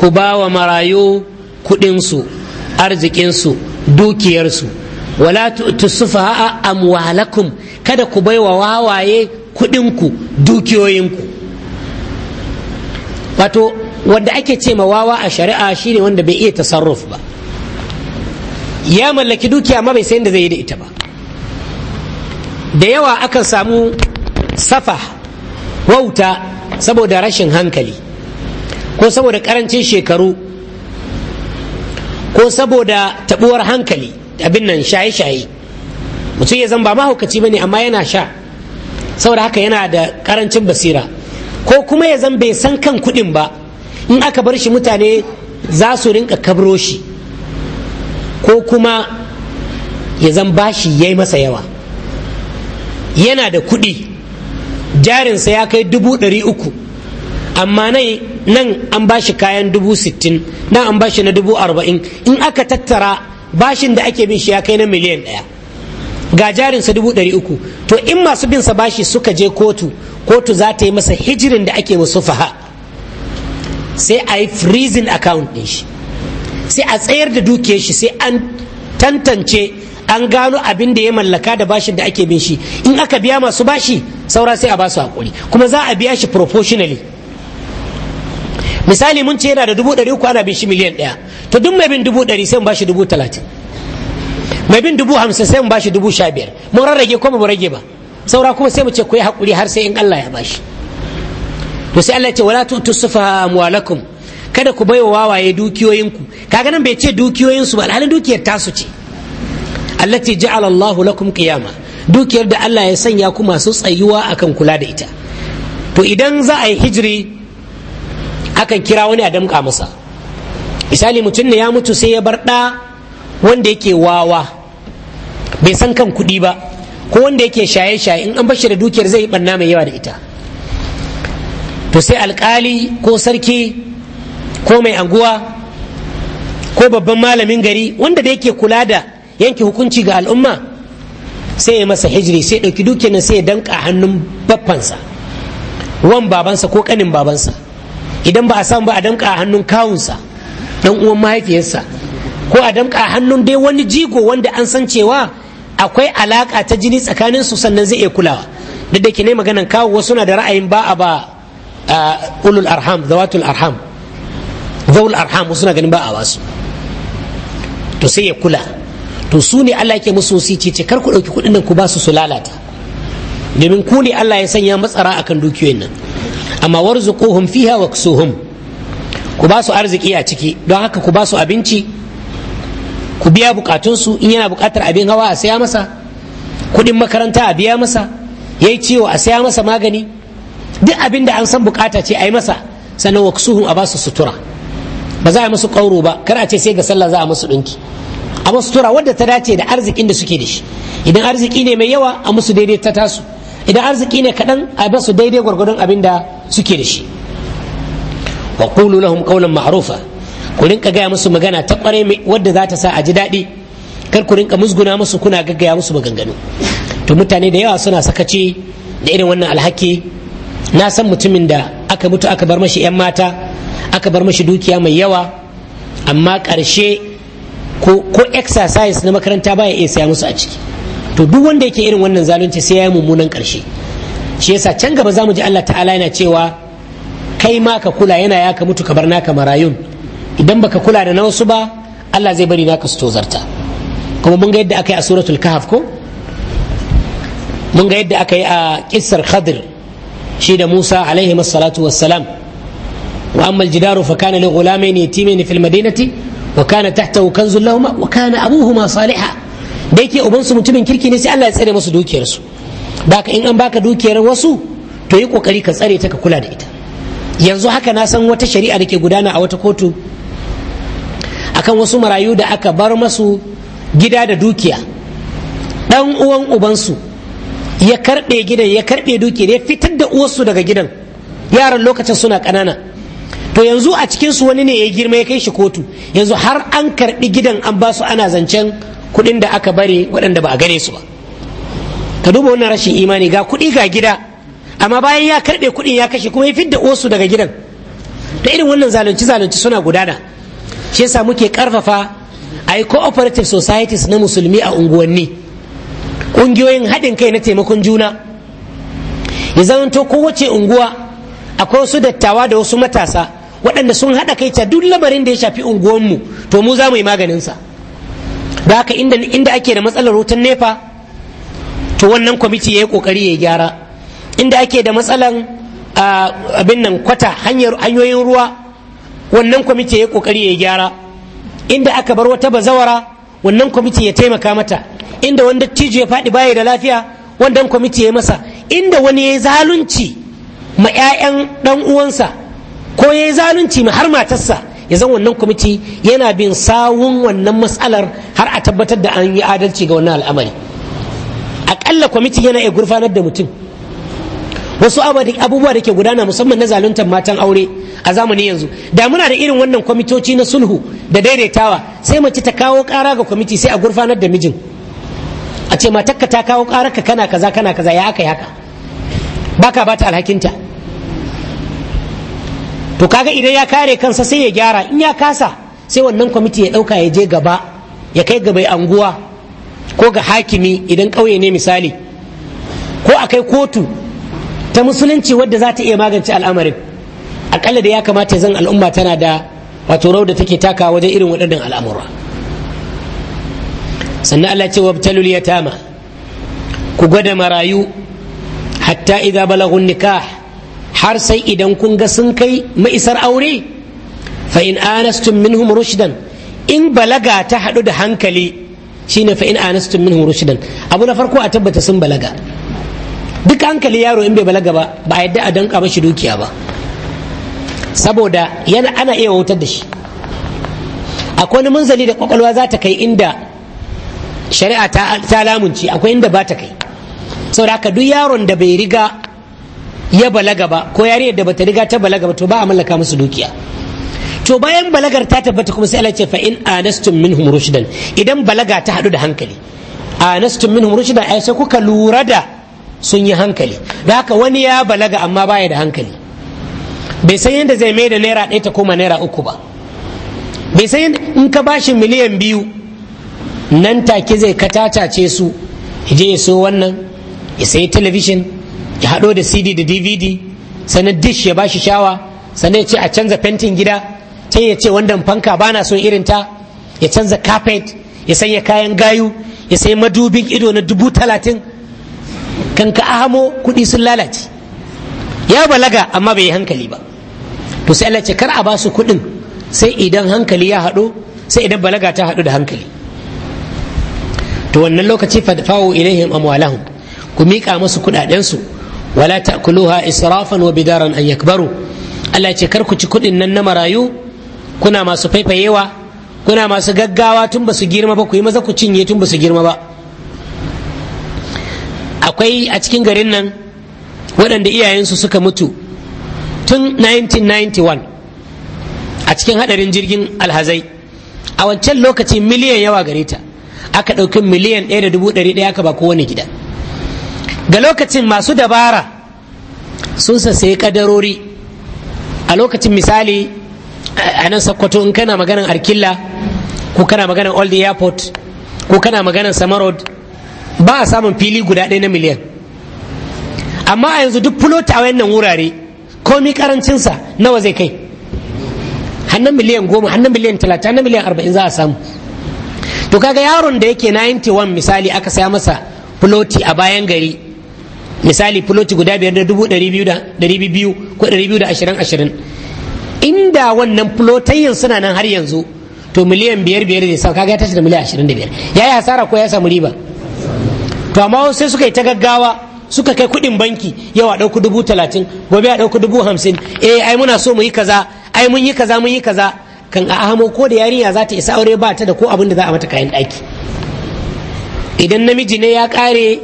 كبا ومرايو كدنسو أرزقنسو دوكيرسو ولا تؤتوا السفهاء أموالكم kada ku baiwa wawaye kuɗinku dukiyoyinku wato wanda ake ce ma wawa a shari'a shine wanda bai iya tasarruf ba ya mallaki dukiya amma bai san da zai yi da ita ba da yawa akan samu safa wauta saboda rashin hankali ko saboda karancin shekaru ko saboda taɓuwar hankali abin nan shaye-shaye mutum ya zan ba mahaukaci ba ne amma yana sha saboda haka yana da karancin basira ko kuma ya zan bai san kan kuɗin ba in aka bar shi mutane za su rinka kabro shi ko kuma ya zan bashi ya yi masa yawa yana da kuɗi jarinsa ya kai dubu ɗari uku amma nan an bashi kayan dubu sittin nan an bashi na dubu arba'in in aka tattara bashin da ake bin shi ya kai na miliyan ɗaya ga jarinsa dubu ɗari uku to in masu bin sa bashi suka je kotu kotu za ta yi masa hijirin da ake masu faha sai a yi freezing account ɗin shi sai a tsayar da dukiyar shi sai an tantance an gano abin da ya mallaka da bashin da ake bin shi in aka biya masu bashi saura sai a basu hakuri kuma za a biya shi proportionally misali mun ce yana da dubu ɗari uku ana bin shi miliyan ɗaya to duk mai bin dubu ɗari sai mu bashi dubu talatin mai bin dubu hamsin sai mu bashi dubu sha biyar mun rarrage ko mu rage ba saura kuma sai mu ce ku yi hakuri har sai in Allah ya bashi to sai Allah ya ce wala tu'tu sufaha amwalakum kada ku baiwa wawaye dukiyoyinku kaga nan bai ce dukiyoyinsu ba alhalin dukiyar tasu ce allati ja'ala Allahu lakum qiyama dukiyar da Allah ya sanya ku masu tsayuwa akan kula da ita to idan za a yi hijiri akan kira wani a damƙa masa misali mutum ne ya mutu sai ya bar ɗa wanda yake wawa bai san kan kuɗi ba ko wanda yake shaye-shaye in an bashi da dukiyar zai yi ɓanna mai yawa da ita to sai alkali ko sarki ko mai anguwa ko babban malamin gari wanda da yake kula da yanke hukunci ga al'umma sai ya masa hijiri sai ɗauki dukiyar sai ya danka hannun baffansa wan babansa ko kanin babansa idan ba a samu ba a danka hannun kawunsa dan uwan mahaifiyarsa ko a damka hannun dai wani jigo wanda an san cewa akwai alaka ta jini tsakanin su sannan zai iya kulawa da da ke ne maganan kawo wasu na da ra'ayin ba a ba ulul arham zawatul arham zawul arham wasu na ganin ba a wasu to sai ya kula to su ne Allah yake musu su ce kar ku ɗauki kuɗin nan ku ba su su lalata domin ku ne Allah ya sanya matsara akan dukiyoyin nan amma warzuquhum fiha waksuhum ku ba su arziki a ciki don haka ku ba su abinci ku biya bukatunsu in yana bukatar abin hawa a saya masa kudin makaranta a biya masa ya yi ciwo a saya masa magani duk abin da an san bukata ce a yi masa sannan waksuhun a basu sutura ba za a musu kauro ba kar a ce sai ga sallah za a musu dinki a musu sutura wadda ta dace da arzikin da suke da shi idan arziki ne mai yawa a musu daidai ta tasu idan arziki ne kaɗan a basu daidai gwargwadon abin da suke da shi wa qulu lahum qawlan ma'rufa ku rinka gaya musu magana ta kware wadda za ta sa a ji daɗi kar ku rinka musguna musu kuna gaggaya musu maganganu to mutane da yawa suna sakaci da irin wannan alhaki na san mutumin da aka mutu aka bar mashi 'yan mata aka bar mashi dukiya mai yawa amma ƙarshe ko exercise na makaranta baya iya saya musu a ciki to duk wanda yake irin wannan zalunci sai ya yi mummunan ƙarshe shi yasa can gaba za mu ji Allah ta'ala yana cewa kai ma ka kula yana ya ka mutu ka bar naka marayun idan baka kula da na wasu ba Allah zai bari naka su tozarta kuma mun ga yadda aka yi a suratul kahf ko mun ga yadda aka yi a kissar khadir shi da Musa alaihi salatu wassalam wa amma aljidaru fa kana li ghulamayn yatimayn fil madinati wa kana tahtahu kanzun lahum wa kana abuhuma salihah da yake ubansu mutumin kirki ne sai Allah ya tsare musu dukiyarsu baka in an baka dukiyar wasu to yi kokari ka tsare ta ka kula da ita yanzu haka na san wata shari'a da ke gudana a wata kotu akan wasu marayu da aka bar masu gida da dukiya ɗan uwan ubansu ya karɓe gidan ya karɓe da ya fitar da uwarsu daga gidan yaran lokacin suna kanana to yanzu a cikinsu wani ne ya girma ya kai shi kotu yanzu har an karɓi gidan an ba su ana zancen kuɗin da aka bare waɗanda ba a gare su ba ka duba wannan rashin imani ga kuɗi ga gida amma bayan ya karɓe kuɗin ya kashe kuma ya da uwarsu daga gidan da irin wannan zalunci zalunci suna gudana shi yasa muke karfafa a yi cooperative societies na musulmi a unguwanni ƙungiyoyin haɗin kai na taimakon juna ya ko kowace unguwa akwai wasu dattawa da wasu matasa waɗanda sun haɗa kai ta duk lamarin da ya shafi unguwanmu to mu za mu yi maganinsa da haka inda, inda ake da matsalar wutan nefa to wannan kwamiti ya yi ƙoƙari ya gyara inda ake da matsalan abin nan kwata hanyoyin ruwa wannan kwamiti ya kokari ya gyara inda aka bar wata bazawara wannan kwamiti ya taimaka mata inda wanda cijo ya faɗi baya da lafiya wannan kwamiti ya masa inda wani ya zalunci ma 'ya'yan ɗan uwansa ko ya zalunci ma har matarsa ya zan wannan kwamiti yana bin sawun wannan matsalar har a tabbatar da an yi adalci ga wannan al'amari aƙalla kwamiti yana iya gurfanar da mutum wasu abubuwa da ke gudana musamman na zaluntar matan aure a zamani yanzu da muna da irin wannan kwamitoci na sulhu da daidaitawa sai mace ta kawo kara ga kwamiti sai a gurfanar da mijin a ce matakka ta kawo ka kana kaza kana kaza ya aka haka baka bata alhakinta to kaga idan ya kare kansa sai ya gyara in ya kasa sai wannan kwamiti ya dauka ya je gaba ya kai ga bai anguwa ko ga hakimi idan kauye ne misali ko akai kotu ta musulunci wadda za ta iya magance al'amarin akalla da ya kamata zan al'umma tana da wato rau da take taka wajen irin waɗannan al'amura sannan Allah ce wabtalul yatama ku gwada marayu hatta idza balagun nikah har sai idan kun ga sun kai ma'isar aure fa in anastum minhum rushdan in balaga ta haɗu da hankali shine fa in anastum minhum rushdan abu na farko a tabbata sun balaga duk hankali yaro in bai balaga ba ba a yadda a danka mashi dukiya ba saboda yana ana iya wautar da shi akwai wani munzali da kwakwalwa za ta kai inda shari'a ta lamunci akwai inda ba ta kai saboda haka duk yaron da bai riga ya balaga ba ko yariyar da bata riga ta balaga ba to ba a mallaka musu dukiya to bayan balagar ta tabbata kuma sai Allah ce fa in anastum minhum rushdan idan balaga ta hadu da hankali anastum minhum rushdan ai sai kuka lura da sun yi hankali da haka wani ya balaga amma baya da hankali bai san yadda zai mai da naira ɗaya ta koma naira uku ba bai san in ka bashi miliyan biyu nan take zai katatace su je ya so wannan ya sayi talabishin ya haɗo da cd da dvd sannan dish ya bashi shawa sannan ya ce a canza fentin gida can ya ce wannan fanka bana son irin ta ya canza carpet ya sanya kayan gayu ya sayi madubin ido na dubu talatin kan ka ahamo kuɗi sun lalace ya balaga amma bai hankali ba to sai Allah ce kar a ba su kuɗin sai idan hankali ya haɗu sai idan balaga ta haɗu da hankali to wannan lokaci fadfawo ilaihim amwalahum ku miƙa musu kuɗaɗensu wala ta'kuluha israfan wa bidaran an yakbaru Allah ce kar ku ci kuɗin nan na marayu kuna masu faifayewa kuna masu gaggawa tun ba su girma ba ku yi maza ku cinye tun ba su girma ba akwai a cikin garin nan waɗanda iyayensu suka mutu tun 1991 a cikin haɗarin jirgin alhazai a wancan lokaci miliyan yawa gare ta aka ɗauki miliyan ɗaya da dubu ɗaya aka ba kowane gida ga lokacin masu dabara sun sasaye kadarori a lokacin misali a nan sakkwato in kana maganin arkilla ko kana maganin old airport ko kana maganin samarod ba a samun fili guda ɗaya na miliyan amma a yanzu duk fulota a wayannan wurare komi karancinsa nawa zai kai hannun miliyan goma hannun miliyan talata hannun miliyan arba'in za a samu to kaga yaron da yake 91 misali aka saya masa fuloti a bayan gari misali fuloti guda biyar da dubu ɗari biyu da ɗari biyu ko ɗari biyu da ashirin ashirin inda wannan fulotayyan suna nan har yanzu to miliyan biyar biyar zai sau kaga ya tashi da miliyan ashirin da biyar ya yi hasara ko ya samu riba to amma sai suka yi ta gaggawa suka kai kuɗin banki yau a ɗauku dubu talatin gobe a ɗauku dubu hamsin eh ai muna so mu yi kaza ai mun yi kaza mun yi kaza kan a ahamo ko da yarinya za ta isa aure ba ta da ko abin da za a mata kayan ɗaki idan namiji ne ya kare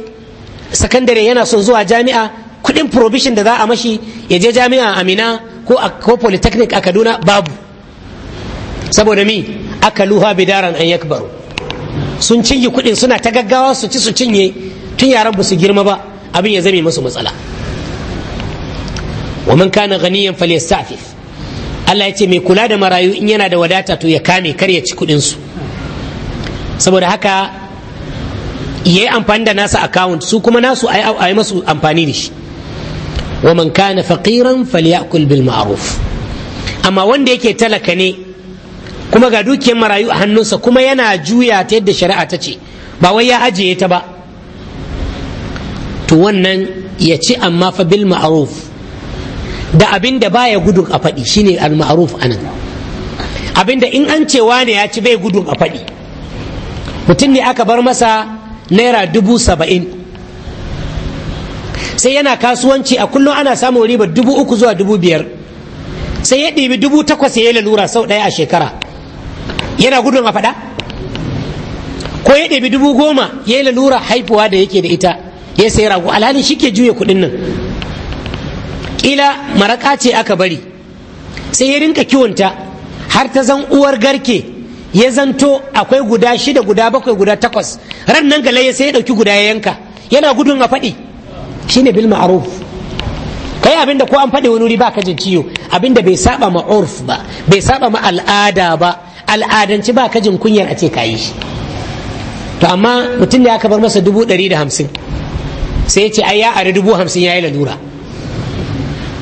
sakandare yana son zuwa jami'a kuɗin provision da za a mashi ya je jami'a amina ko a ko polytechnic a kaduna babu saboda mi aka luha bidaran an yakbaru sun cinye kuɗin suna ta gaggawa su ci su cinye tun yaran ba su girma ba abin ya zame musu matsala wa man kana ghaniyan falyastafif Allah ya ce mai kula da marayu in yana da wadata to ya kame kar ya ci kudin su saboda haka yayi amfani da nasa account su kuma nasu ayi masu amfani da shi wa man kana faqiran falyakul bil ma'ruf amma wanda yake talaka ne kuma ga dukiyar marayu a hannunsa kuma yana juya ta yadda shari'a ta ce ba wai ya ajiye ta ba to wannan ya ci amma fa bil ma'ruf da abin da baya gudun a faɗi shine al ma'ruf anan Abinda in an cewa ne ya ci bai gudun a faɗi mutum ne aka bar masa naira dubu saba'in sai yana kasuwanci a kullum ana samun riba dubu uku zuwa dubu biyar sai ya ɗibi dubu takwas ya yi lalura sau ɗaya a shekara yana gudun a faɗa ko ya ɗebi dubu goma ya yi lalura haifuwa da yake da ita ya sai rago alhali shi ke juya kuɗin nan ƙila maraƙa ce aka bari sai ya rinka kiwonta har ta zan uwar garke ya zanto akwai guda shida guda bakwai guda takwas ran nan gale ya sai ya ɗauki guda ya yanka yana gudun a faɗi shine bil aruf kai abinda ko an faɗi wani wuri ba ka jin ciwo abinda bai saba ma urf ba bai saba ma al'ada ba al'adanci ba ka jin kunyar a ce ka yi shi to amma mutum ne aka bar masa dubu ɗari da hamsin sai ya ce ai ya ari dubu hamsin ya yi lalura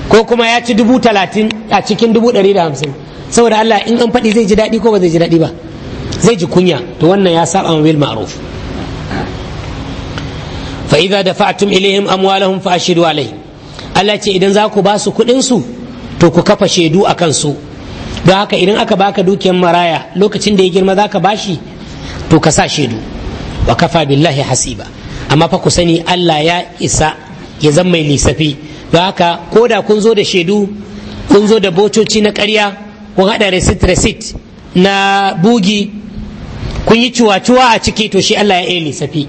ko kuma ya ci dubu talatin a cikin dubu ɗari da hamsin saboda Allah in an faɗi zai ji daɗi ko ba zai ji daɗi ba zai ji kunya to wannan ya saba ma bil ma'ruf fa idza dafa'tum ilaihim amwalahum fa ashidu alaihi Allah ce idan za ku ba su kuɗin su to ku kafa shaidu a su don haka idan aka baka dukiyar maraya lokacin da ya girma za ka bashi to ka sa shaidu wa kafa billahi hasiba amma fa ku sani Allah ya isa ya zama mai lissafi don haka ko da kun zo da shaidu kun zo da bococi na ƙarya kun haɗa receipt receipt na bugi kun yi cuwa-cuwa a ciki to shi Allah ya iya lissafi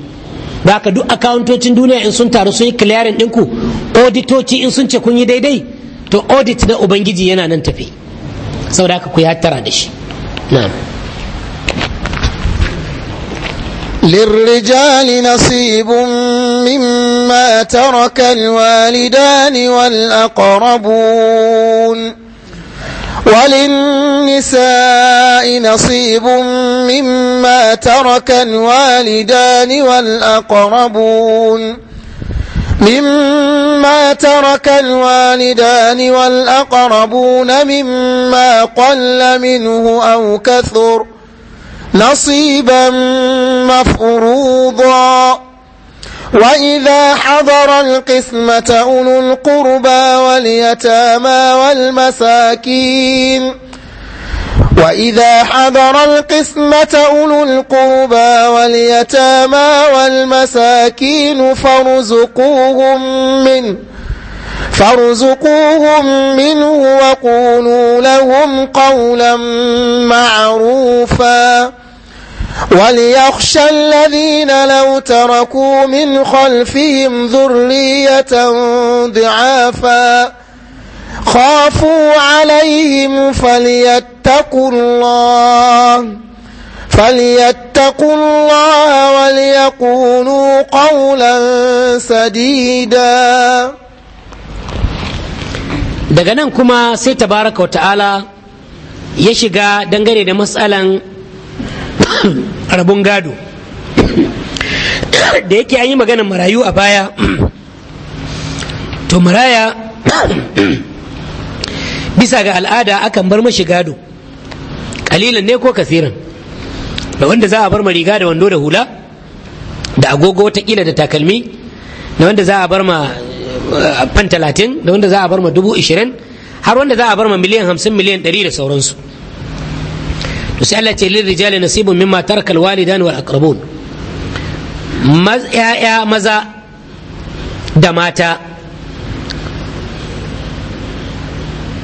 don haka duk akawuntocin duniya in sun taru sun yi clearing ɗinku auditoci in sun ce kun yi daidai to audit na ubangiji yana nan tafi saboda haka ku ya tara da shi na'am للرجال نصيب مما ترك الوالدان والأقربون وللنساء نصيب مما ترك الوالدان والأقربون مما ترك الوالدان والأقربون مما قل منه أو كثر ۖ نصيبا مفروضا وإذا حضر القسمة أولو القربى واليتامى والمساكين وإذا حضر القسمة أولو القربى واليتامى والمساكين فارزقوهم منه فارزقوهم منه وقولوا لهم قولا معروفا وليخشى الذين لو تركوا من خلفهم ذرية ضعافا خافوا عليهم فليتقوا الله فليتقوا الله وليقولوا قولا سديدا daga nan kuma sai tabaraka wa ta'ala ya shiga dangane da matsalan rabon gado da yake an yi maganar marayu a baya to maraya bisa ga al'ada akan bar mashi gado kalilan ne ko kasirin da wanda za a bar ma riga da wando da hula da agogo watakila da takalmi da wanda za a bar ma eh, fan talatin da wanda za a bar ma dubu ishirin har wanda za a bar ma miliyan hamsin miliyan ɗari da sauransu to sai Allah ce lil rijali nasibun mimma taraka al walidan wal ya'ya maza da mata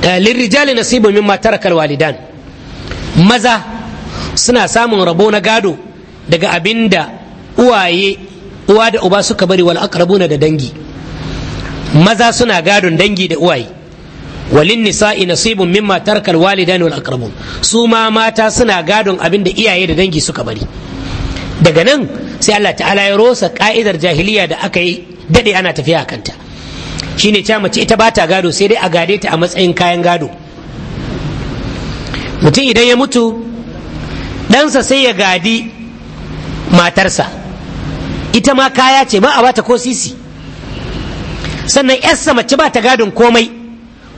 eh, lil rijali nasibun mimma taraka al maza suna samun rabo na gado daga abinda uwa da uba suka bari wal da dangi maza suna gadon dangi da uwaye walin nisa'i nasibun min tarkal walidain wal aqrabun su ma mata suna gadon abinda iyaye da dangi suka bari daga nan sai Allah ta'ala ya rosa ka'idar jahiliya da aka yi dade ana tafiya kanta shine ta mace ita bata gado sai dai a gade ta a matsayin kayan gado mutum idan ya mutu ɗansa sai ya gadi matarsa ita ma kaya ce ba a bata ko sisi sannan yarsa mace ba ta gadon komai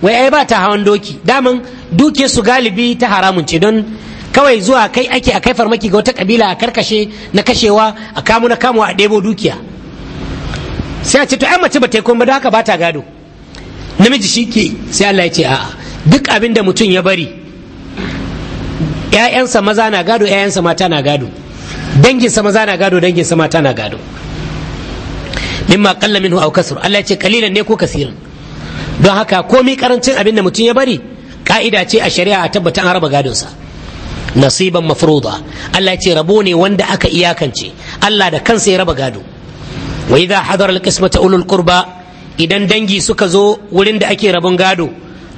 wai ai ba ta hawan doki daman duke su galibi ta haramun ce don kawai zuwa kai ake a kai farmaki ga wata kabila a karkashe na kashewa a kamu na kamuwa a ɗebo dukiya sai a ce to ai mace ba ta yi da haka ba ta gado namiji shi ke sai Allah ya ce a'a duk abin da mutum ya bari ƴaƴansa maza na gado ƴaƴansa mata na gado danginsa maza na gado danginsa mata na gado mimma qalla minhu aw kasr Allah ya ce qalilan ne ko kasirin don haka komi karancin abin da mutum ya bari ka'ida ce a shari'a a tabbata an raba gadonsa nasiban mafruda Allah ya ce rabo ne wanda aka iyakance Allah da kansa ya raba gado wa idza hadara alqismata ulul qurba idan dangi suka zo wurin da ake rabon gado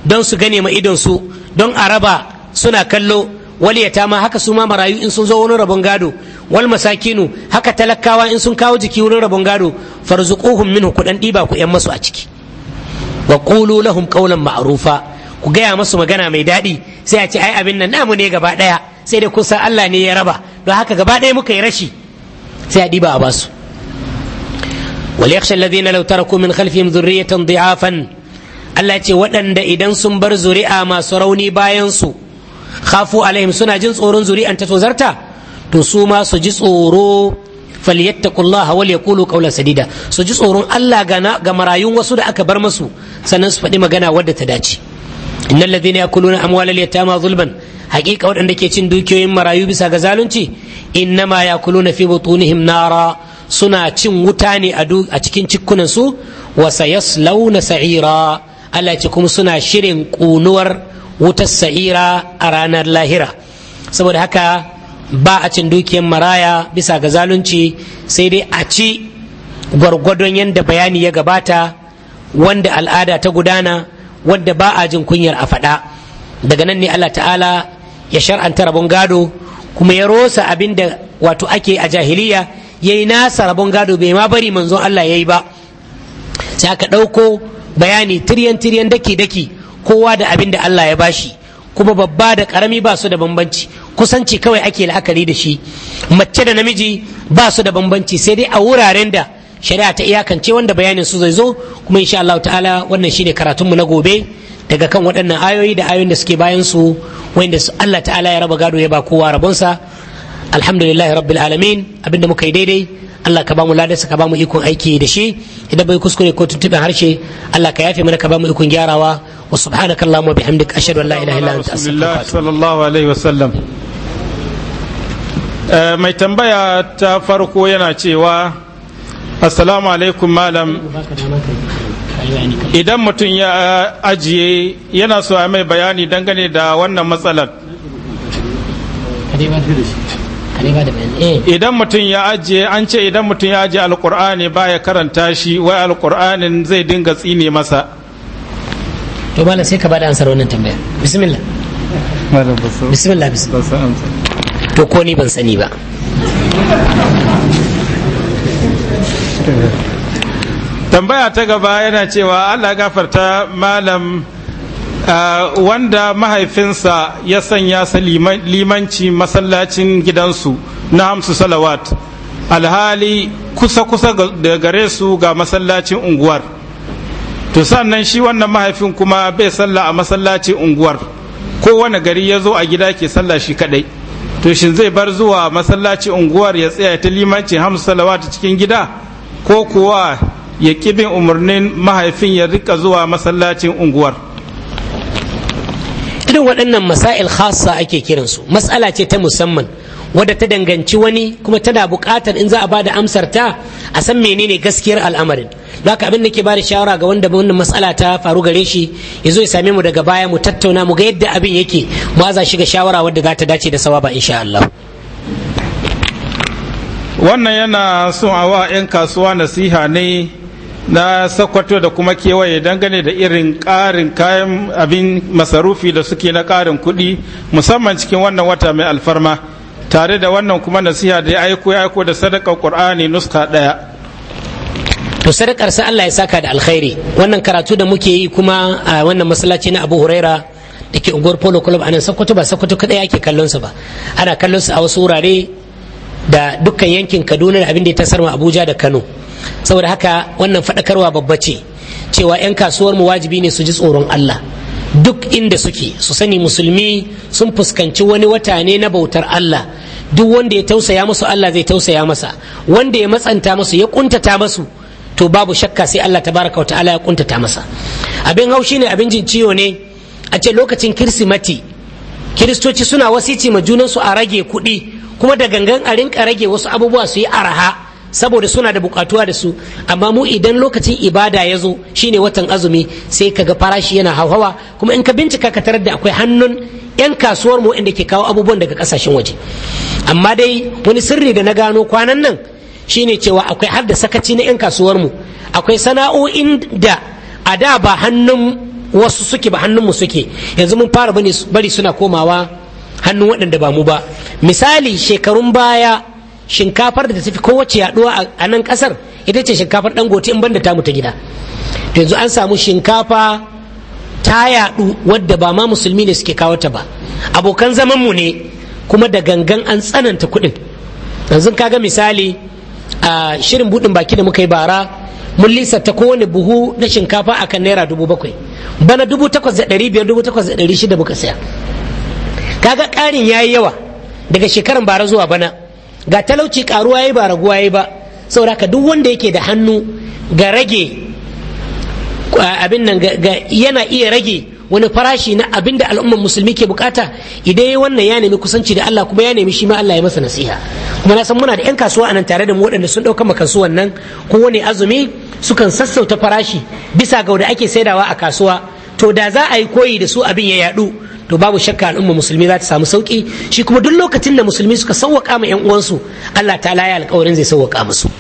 don su gane ma idon su don a raba suna kallo waliyata ma haka su ma marayu in sun zo wurin rabon gado wal masakinu haka talakawa in sun kawo jiki wurin rabon gado farzuquhum minhu kudan diba ku yan masu a ciki wa qulu lahum qawlan ku gaya masu magana mai daɗi sai a ce ai abin nan namu ne gaba ɗaya sai da kusa Allah ne ya raba don haka gaba ɗaya muka yi rashi sai a ɗiba a basu وليخشى الذين لو تركوا من خلفهم ذرية ضعافا Allah ce waɗanda idan sun bar zuri'a masu rauni bayansu khafu alaihim suna jin tsoron zuri'an ta tozarta to su ma su ji tsoro falyattaqullaha wal yaqulu qawlan sadida su ji tsoron Allah ga marayun wasu da aka bar masu sannan su faɗi magana wadda ta dace innal ladhina yakuluna amwalal yatama zulman haƙiƙa waɗanda ke cin dukiyoyin marayu bisa ga zalunci innama yakuluna fi butunihim nara suna cin wuta ne a cikin cikkunan su wa sayaslawna sa'ira Allah ce kuma suna shirin kunuwar wutar sa'ira a ranar lahira saboda haka ba a cin dukiyar maraya bisa ga zalunci sai dai a ci gwargwadon yadda bayani ya gabata wanda al'ada ta gudana wanda ba a jin kunyar a faɗa daga nan ne allah ta'ala ya shar'anta rabon gado kuma ya rosa abin da wato ake a jahiliya ya yi nasa rabon gado bai ma bari manzon allah ya yi ba sai aka ɗauko bayani tiryan tiryan daki daki kowa da abin da allah ya bashi kuma babba da karami ba su da bambanci kusanci kawai ake la'akari da shi mace da namiji ba su da bambanci sai dai a wuraren da shari'a ta iyakance wanda bayanin su zai zo kuma insha Allah ta'ala wannan shine karatunmu na gobe daga kan waɗannan ayoyi da ayoyin da suke bayan su wanda Allah ta'ala ya raba gado ya ba kowa rabonsa alhamdulillahi rabbil alamin abinda muka yi daidai Allah ka bamu ladarsa ka bamu ikon aiki da shi idan bai kuskure ko tuntuɓin harshe Allah ka yafe mana ka bamu ikon gyarawa wa subhanakallahumma bihamdika ashhadu an la ilaha illa anta astaghfiruka wa atubu ilaik Eh, mai tambaya ta farko yana cewa assalamu alaikum malam idan mutum ya ajiye yana so a mai bayani dangane da wannan matsalar idan mutum ya ajiye an ce idan mutum ya ajiye alkur'ani baya karanta shi wai alkur'anin zai dinga tsine masa to malam sai ka bada ansar wannan tambaya, bismillah bismillah bismillah to ko ni ban sani ba tambaya ta gaba yana cewa allah gafarta malam ah, wanda mahaifinsa ya sanya sa limanci masallacin gidansu na hamsu salawat alhali kusa-kusa da gare su ga masallacin unguwar to sannan shi wannan mahaifin kuma bai sallah a masallacin unguwar kowane gari ya zo a gida ke sallah shi kadai to shin zai bar zuwa masallaci unguwar ya tsaya ta limanci hamsu salawatu cikin gida ko kuwa ya kibin umarnin mahaifin ya rika zuwa masallacin unguwar irin waɗannan masail khasa ake kiransu matsala ce ta musamman wadda ta danganci wani kuma tana buƙatar in za a bada amsar ta a san menene gaskiyar al'amarin haka abin da ke bada shawara ga wanda wannan matsala ta faru gare shi ya zo ya same mu daga baya mu tattauna mu ga yadda abin yake mu za shiga shawara wadda za ta dace da sawaba insha Allah wannan yana so a wa 'yan kasuwa nasiha ne na sakwato da kuma kewaye dangane da irin ƙarin kayan abin masarufi da suke na ƙarin kuɗi musamman cikin wannan wata mai alfarma tare da wannan kuma nasiha da ya aiko ya aiko da sadaka qur'ani nuska daya to sadakar sa Allah ya saka da alkhairi wannan karatu da muke yi kuma a wannan masallaci na Abu Huraira da ke unguwar Polo Club anan Sokoto ba Sokoto kadai yake kallon su ba ana kallon su a wasu wurare da dukkan yankin Kaduna da abin da ya tasar mu Abuja da Kano saboda haka wannan fadakarwa babba ce cewa 'yan kasuwar mu wajibi ne su ji tsoron Allah duk inda suke su sani musulmi sun fuskanci wani wata ne na bautar Allah duk wanda ya tausaya musu Allah zai tausaya masa wanda ya matsanta musu ya kuntata musu to babu shakka sai Allah tabaraka ta'ala ya kuntata masa abin haushi ne abin jin ciwo ne a ce lokacin kirsimati kiristoci suna wasici ma junansu a rage kuɗi kuma da gangan a rinka rage wasu abubuwa su yi araha saboda suna da bukatuwa da su amma mu idan lokacin ibada ya zo shine watan azumi sai kaga farashi yana hauhawa kuma in ka bincika ka tarar da akwai hannun 'yan kasuwar mu inda ke kawo abubuwan daga kasashen waje amma dai wani sirri da na gano kwanan nan shine cewa akwai har da sakaci na 'yan kasuwar mu akwai sana'o'in da a da ba hannun wasu suke ba hannun mu suke yanzu mun fara bari suna komawa hannun waɗanda ba mu ba misali shekarun baya shinkafar da ta tafi kowace yaduwa a nan kasar ita ce shinkafar goti in banda tamu ta gida to yanzu an samu shinkafa ta yadu wadda ba ma musulmi ne suke kawo ta ba abokan zaman mu ne kuma da gangan an tsananta kuɗin yanzu kaga misali a shirin budin baki da muka yi bara mun lissafta kowane buhu na shinkafa akan naira dubu bakwai bana dubu takwas da ɗari biyar dubu takwas da ɗari shida muka saya kaga ƙarin ya yi yawa daga shekaran bara zuwa bana ga talauci karuwa ya ba raguwa ya ba saboda haka duk wanda yake da hannu ga rage abin nan yana iya rage wani farashi na abin da al'ummar musulmi ke bukata idan ya wannan ya nemi kusanci da Allah kuma ya nemi shi ma Allah ya masa nasiha kuma na san muna da 'yan kasuwa a nan tare da mu waɗanda sun ɗauka makansu wannan kowane azumi sukan sassauta farashi bisa ga wanda ake saidawa a kasuwa to da za a yi koyi da su abin ya yaɗu to babu shakka al'umma musulmi za ta samu sauki shi kuma duk lokacin da musulmi suka sauwaka ma yan uwansu Allah ta ya alƙawarin zai sauwaka musu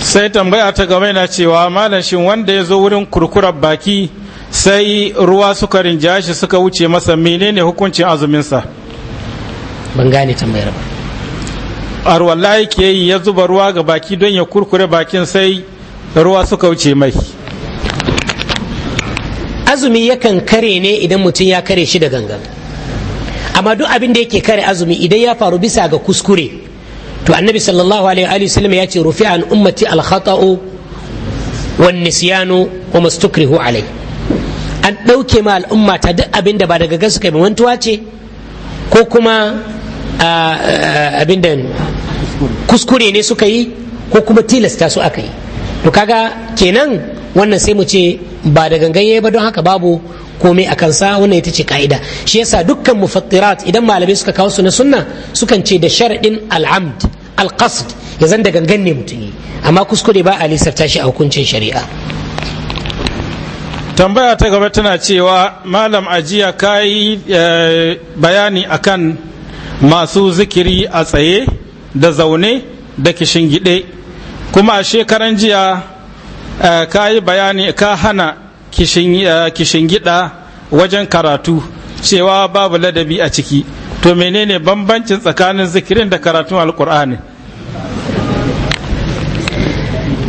sai tambaya ta gaba na cewa malam shin wanda ya zo wurin kurkurar baki sai ruwa suka rinja suka wuce masa menene hukuncin azuminsa ban gane tambayar ba wallahi yake yi ya zuba ruwa ga baki don ya kurkure bakin sai ruwa suka wuce mai azumi yakan kare ne idan mutum ya kare shi da gangan amma duk abin da yake kare azumi idan ya faru bisa ga kuskure to annabi sallallahu alaihi wa sallam ya ce rufi an ummati al khata'u wan nisyanu wa mastukrihu alai an dauke ma al'ummata ta duk abin da ba daga gaske ba mantuwa ce ko kuma abin da kuskure ne suka yi ko kuma tilasta su aka yi to kaga kenan wannan sai mu ce ba da gangan yi ba don haka babu komai a kansa wannan ita ce ka'ida shi yasa dukkan mufattirat idan malamai suka kawo su na sunna sukan ce da shar'in al'amd alqasd ya zan da gangan ne mutum amma kuskure ba a lissafta shi a hukuncin shari'a tambaya ta gaba tana cewa malam ajiya kayi eh, bayani akan masu zikiri a tsaye da zaune da kishin gide kuma a shekaran jiya Eh, ka yi bayani ka hana kishingida eh, wajen karatu cewa babu ladabi a ciki to menene bambancin tsakanin zikirin da karatun alkur'ani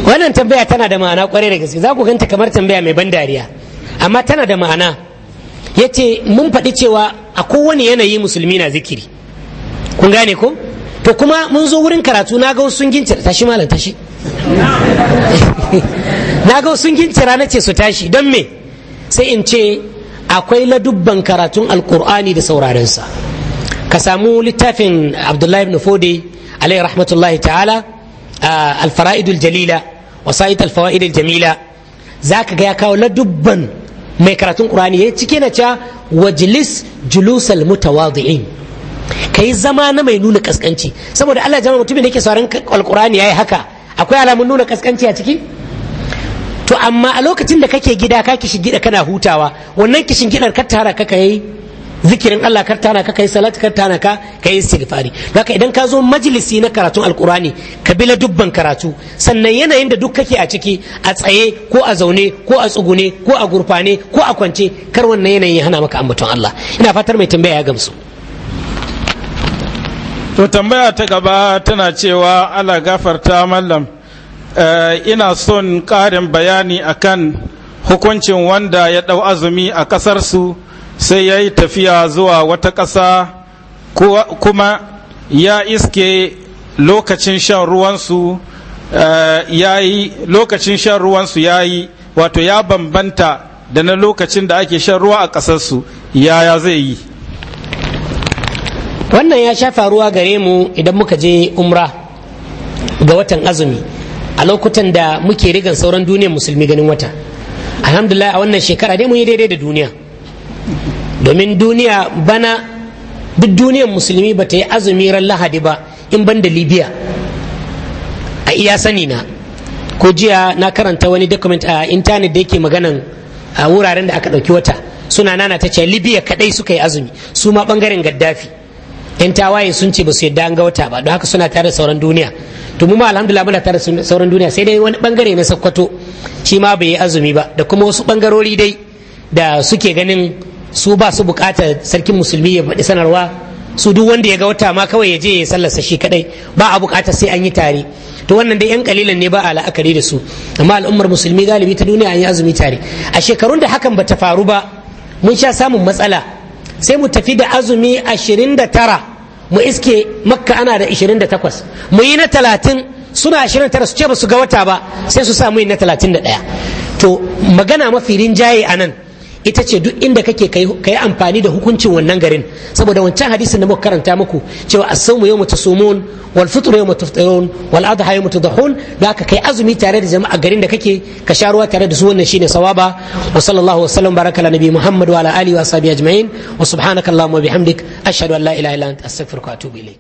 wannan tambaya tana da ma'ana kwarai da gaske za ku ganta kamar tambaya mai ban dariya amma tana da ma'ana ya ce mun faɗi cewa a kowane yanayi musulmi na zikiri kun gane ko to kuma mun zo wurin karatu na ga wasu sun gincir tashi malam tashi na ga sun gincira na ce su tashi don me sai in ce akwai ladubban karatun alkur'ani da saurarensa ka samu littafin abdullahi ibn fode alayhi rahmatullahi ta'ala ah, alfara'idul jalila wasa'id alfawa'id jamila za ka ga ya kawo ladubban mai karatun qur'ani ya cike na ca wajlis julusal mutawadi'in kai zama na mai nuna kaskanci saboda Allah jama mutumin da yake sauran alkur'ani yayi haka akwai alamun nuna kaskanci a ciki to amma a lokacin da kake gida ka kishin gida kana hutawa wannan kishin gidar ka tara ka kai zikirin Allah ka tara ka kai salati ka tara ka kai istighfari haka idan ka zo majalisi na karatun alkurani ka bila dubban karatu sannan yanayin da duk kake a ciki a tsaye ko a zaune ko a tsugune ko a gurfane ko a kwance kar wannan yanayin ya hana maka ambaton Allah ina fatar mai tambaya ya gamsu to tambaya ta gaba tana cewa ala gafarta mallam eh, ina son karin bayani akan hukuncin wanda ya dau azumi a ƙasarsu sai ya yi tafiya zuwa wata ƙasa kuma ya iske lokacin shan ruwansu eh, ya yi lokacin shan ruwansu ya yi wato ya bambanta da na lokacin da ake shan ruwa a ƙasarsu yaya zai yi wannan ya sha faruwa gare mu idan muka je umra ga watan azumi a lokutan da muke rigan sauran duniyar musulmi ganin wata alhamdulillah a wannan shekara dai mun yi daidai da duniya domin duniya bana duk duniyar musulmi ba ta yi azumi ran lahadi ba in ban da libya a iya sani na ko jiya na karanta wani document a intanet da yake maganan a wuraren da aka ɗauki wata suna nana ta ce libya kadai suka yi azumi su ma bangaren gaddafi yan tawaye sun ce ba su yadda an ga wata ba don haka suna tare sauran duniya to mu ma alhamdulillah muna tare sauran duniya sai dai wani bangare na sakkwato shi ma bai yi azumi ba da kuma wasu bangarori dai da suke ganin su ba su bukatar sarkin musulmi ya faɗi sanarwa su duk wanda ya ga wata ma kawai ya je ya sallarsa shi kadai ba a bukatar sai an yi tare to wannan dai yan kalilan ne ba a la'akari da su amma al'ummar musulmi galibi ta duniya an yi azumi tare a shekarun da hakan ba ta faru ba mun sha samun matsala sai mu tafi da azumi 29 mu iske makka ana da 28 mu yi na 30 suna 29 su ce ba su ga wata ba sai su sa mu yi na 31 to magana mafi rinjaye a nan ita ce duk inda kake kai amfani da hukuncin wannan garin saboda wancan hadisin da muka karanta muku cewa as-sawmu yawma tasumun wal fitru yawma tufṭirun wal adha yawma tudhun da aka kai azumi tare da jama'a garin da kake ka sha ruwa tare da su wannan shine sawaba wa sallallahu wasallam baraka ala nabi muhammad wa ala alihi wa sahbihi ajma'in wa subhanakallahumma wa bihamdik ashhadu an la ilaha illa anta astaghfiruka wa atubu ilayk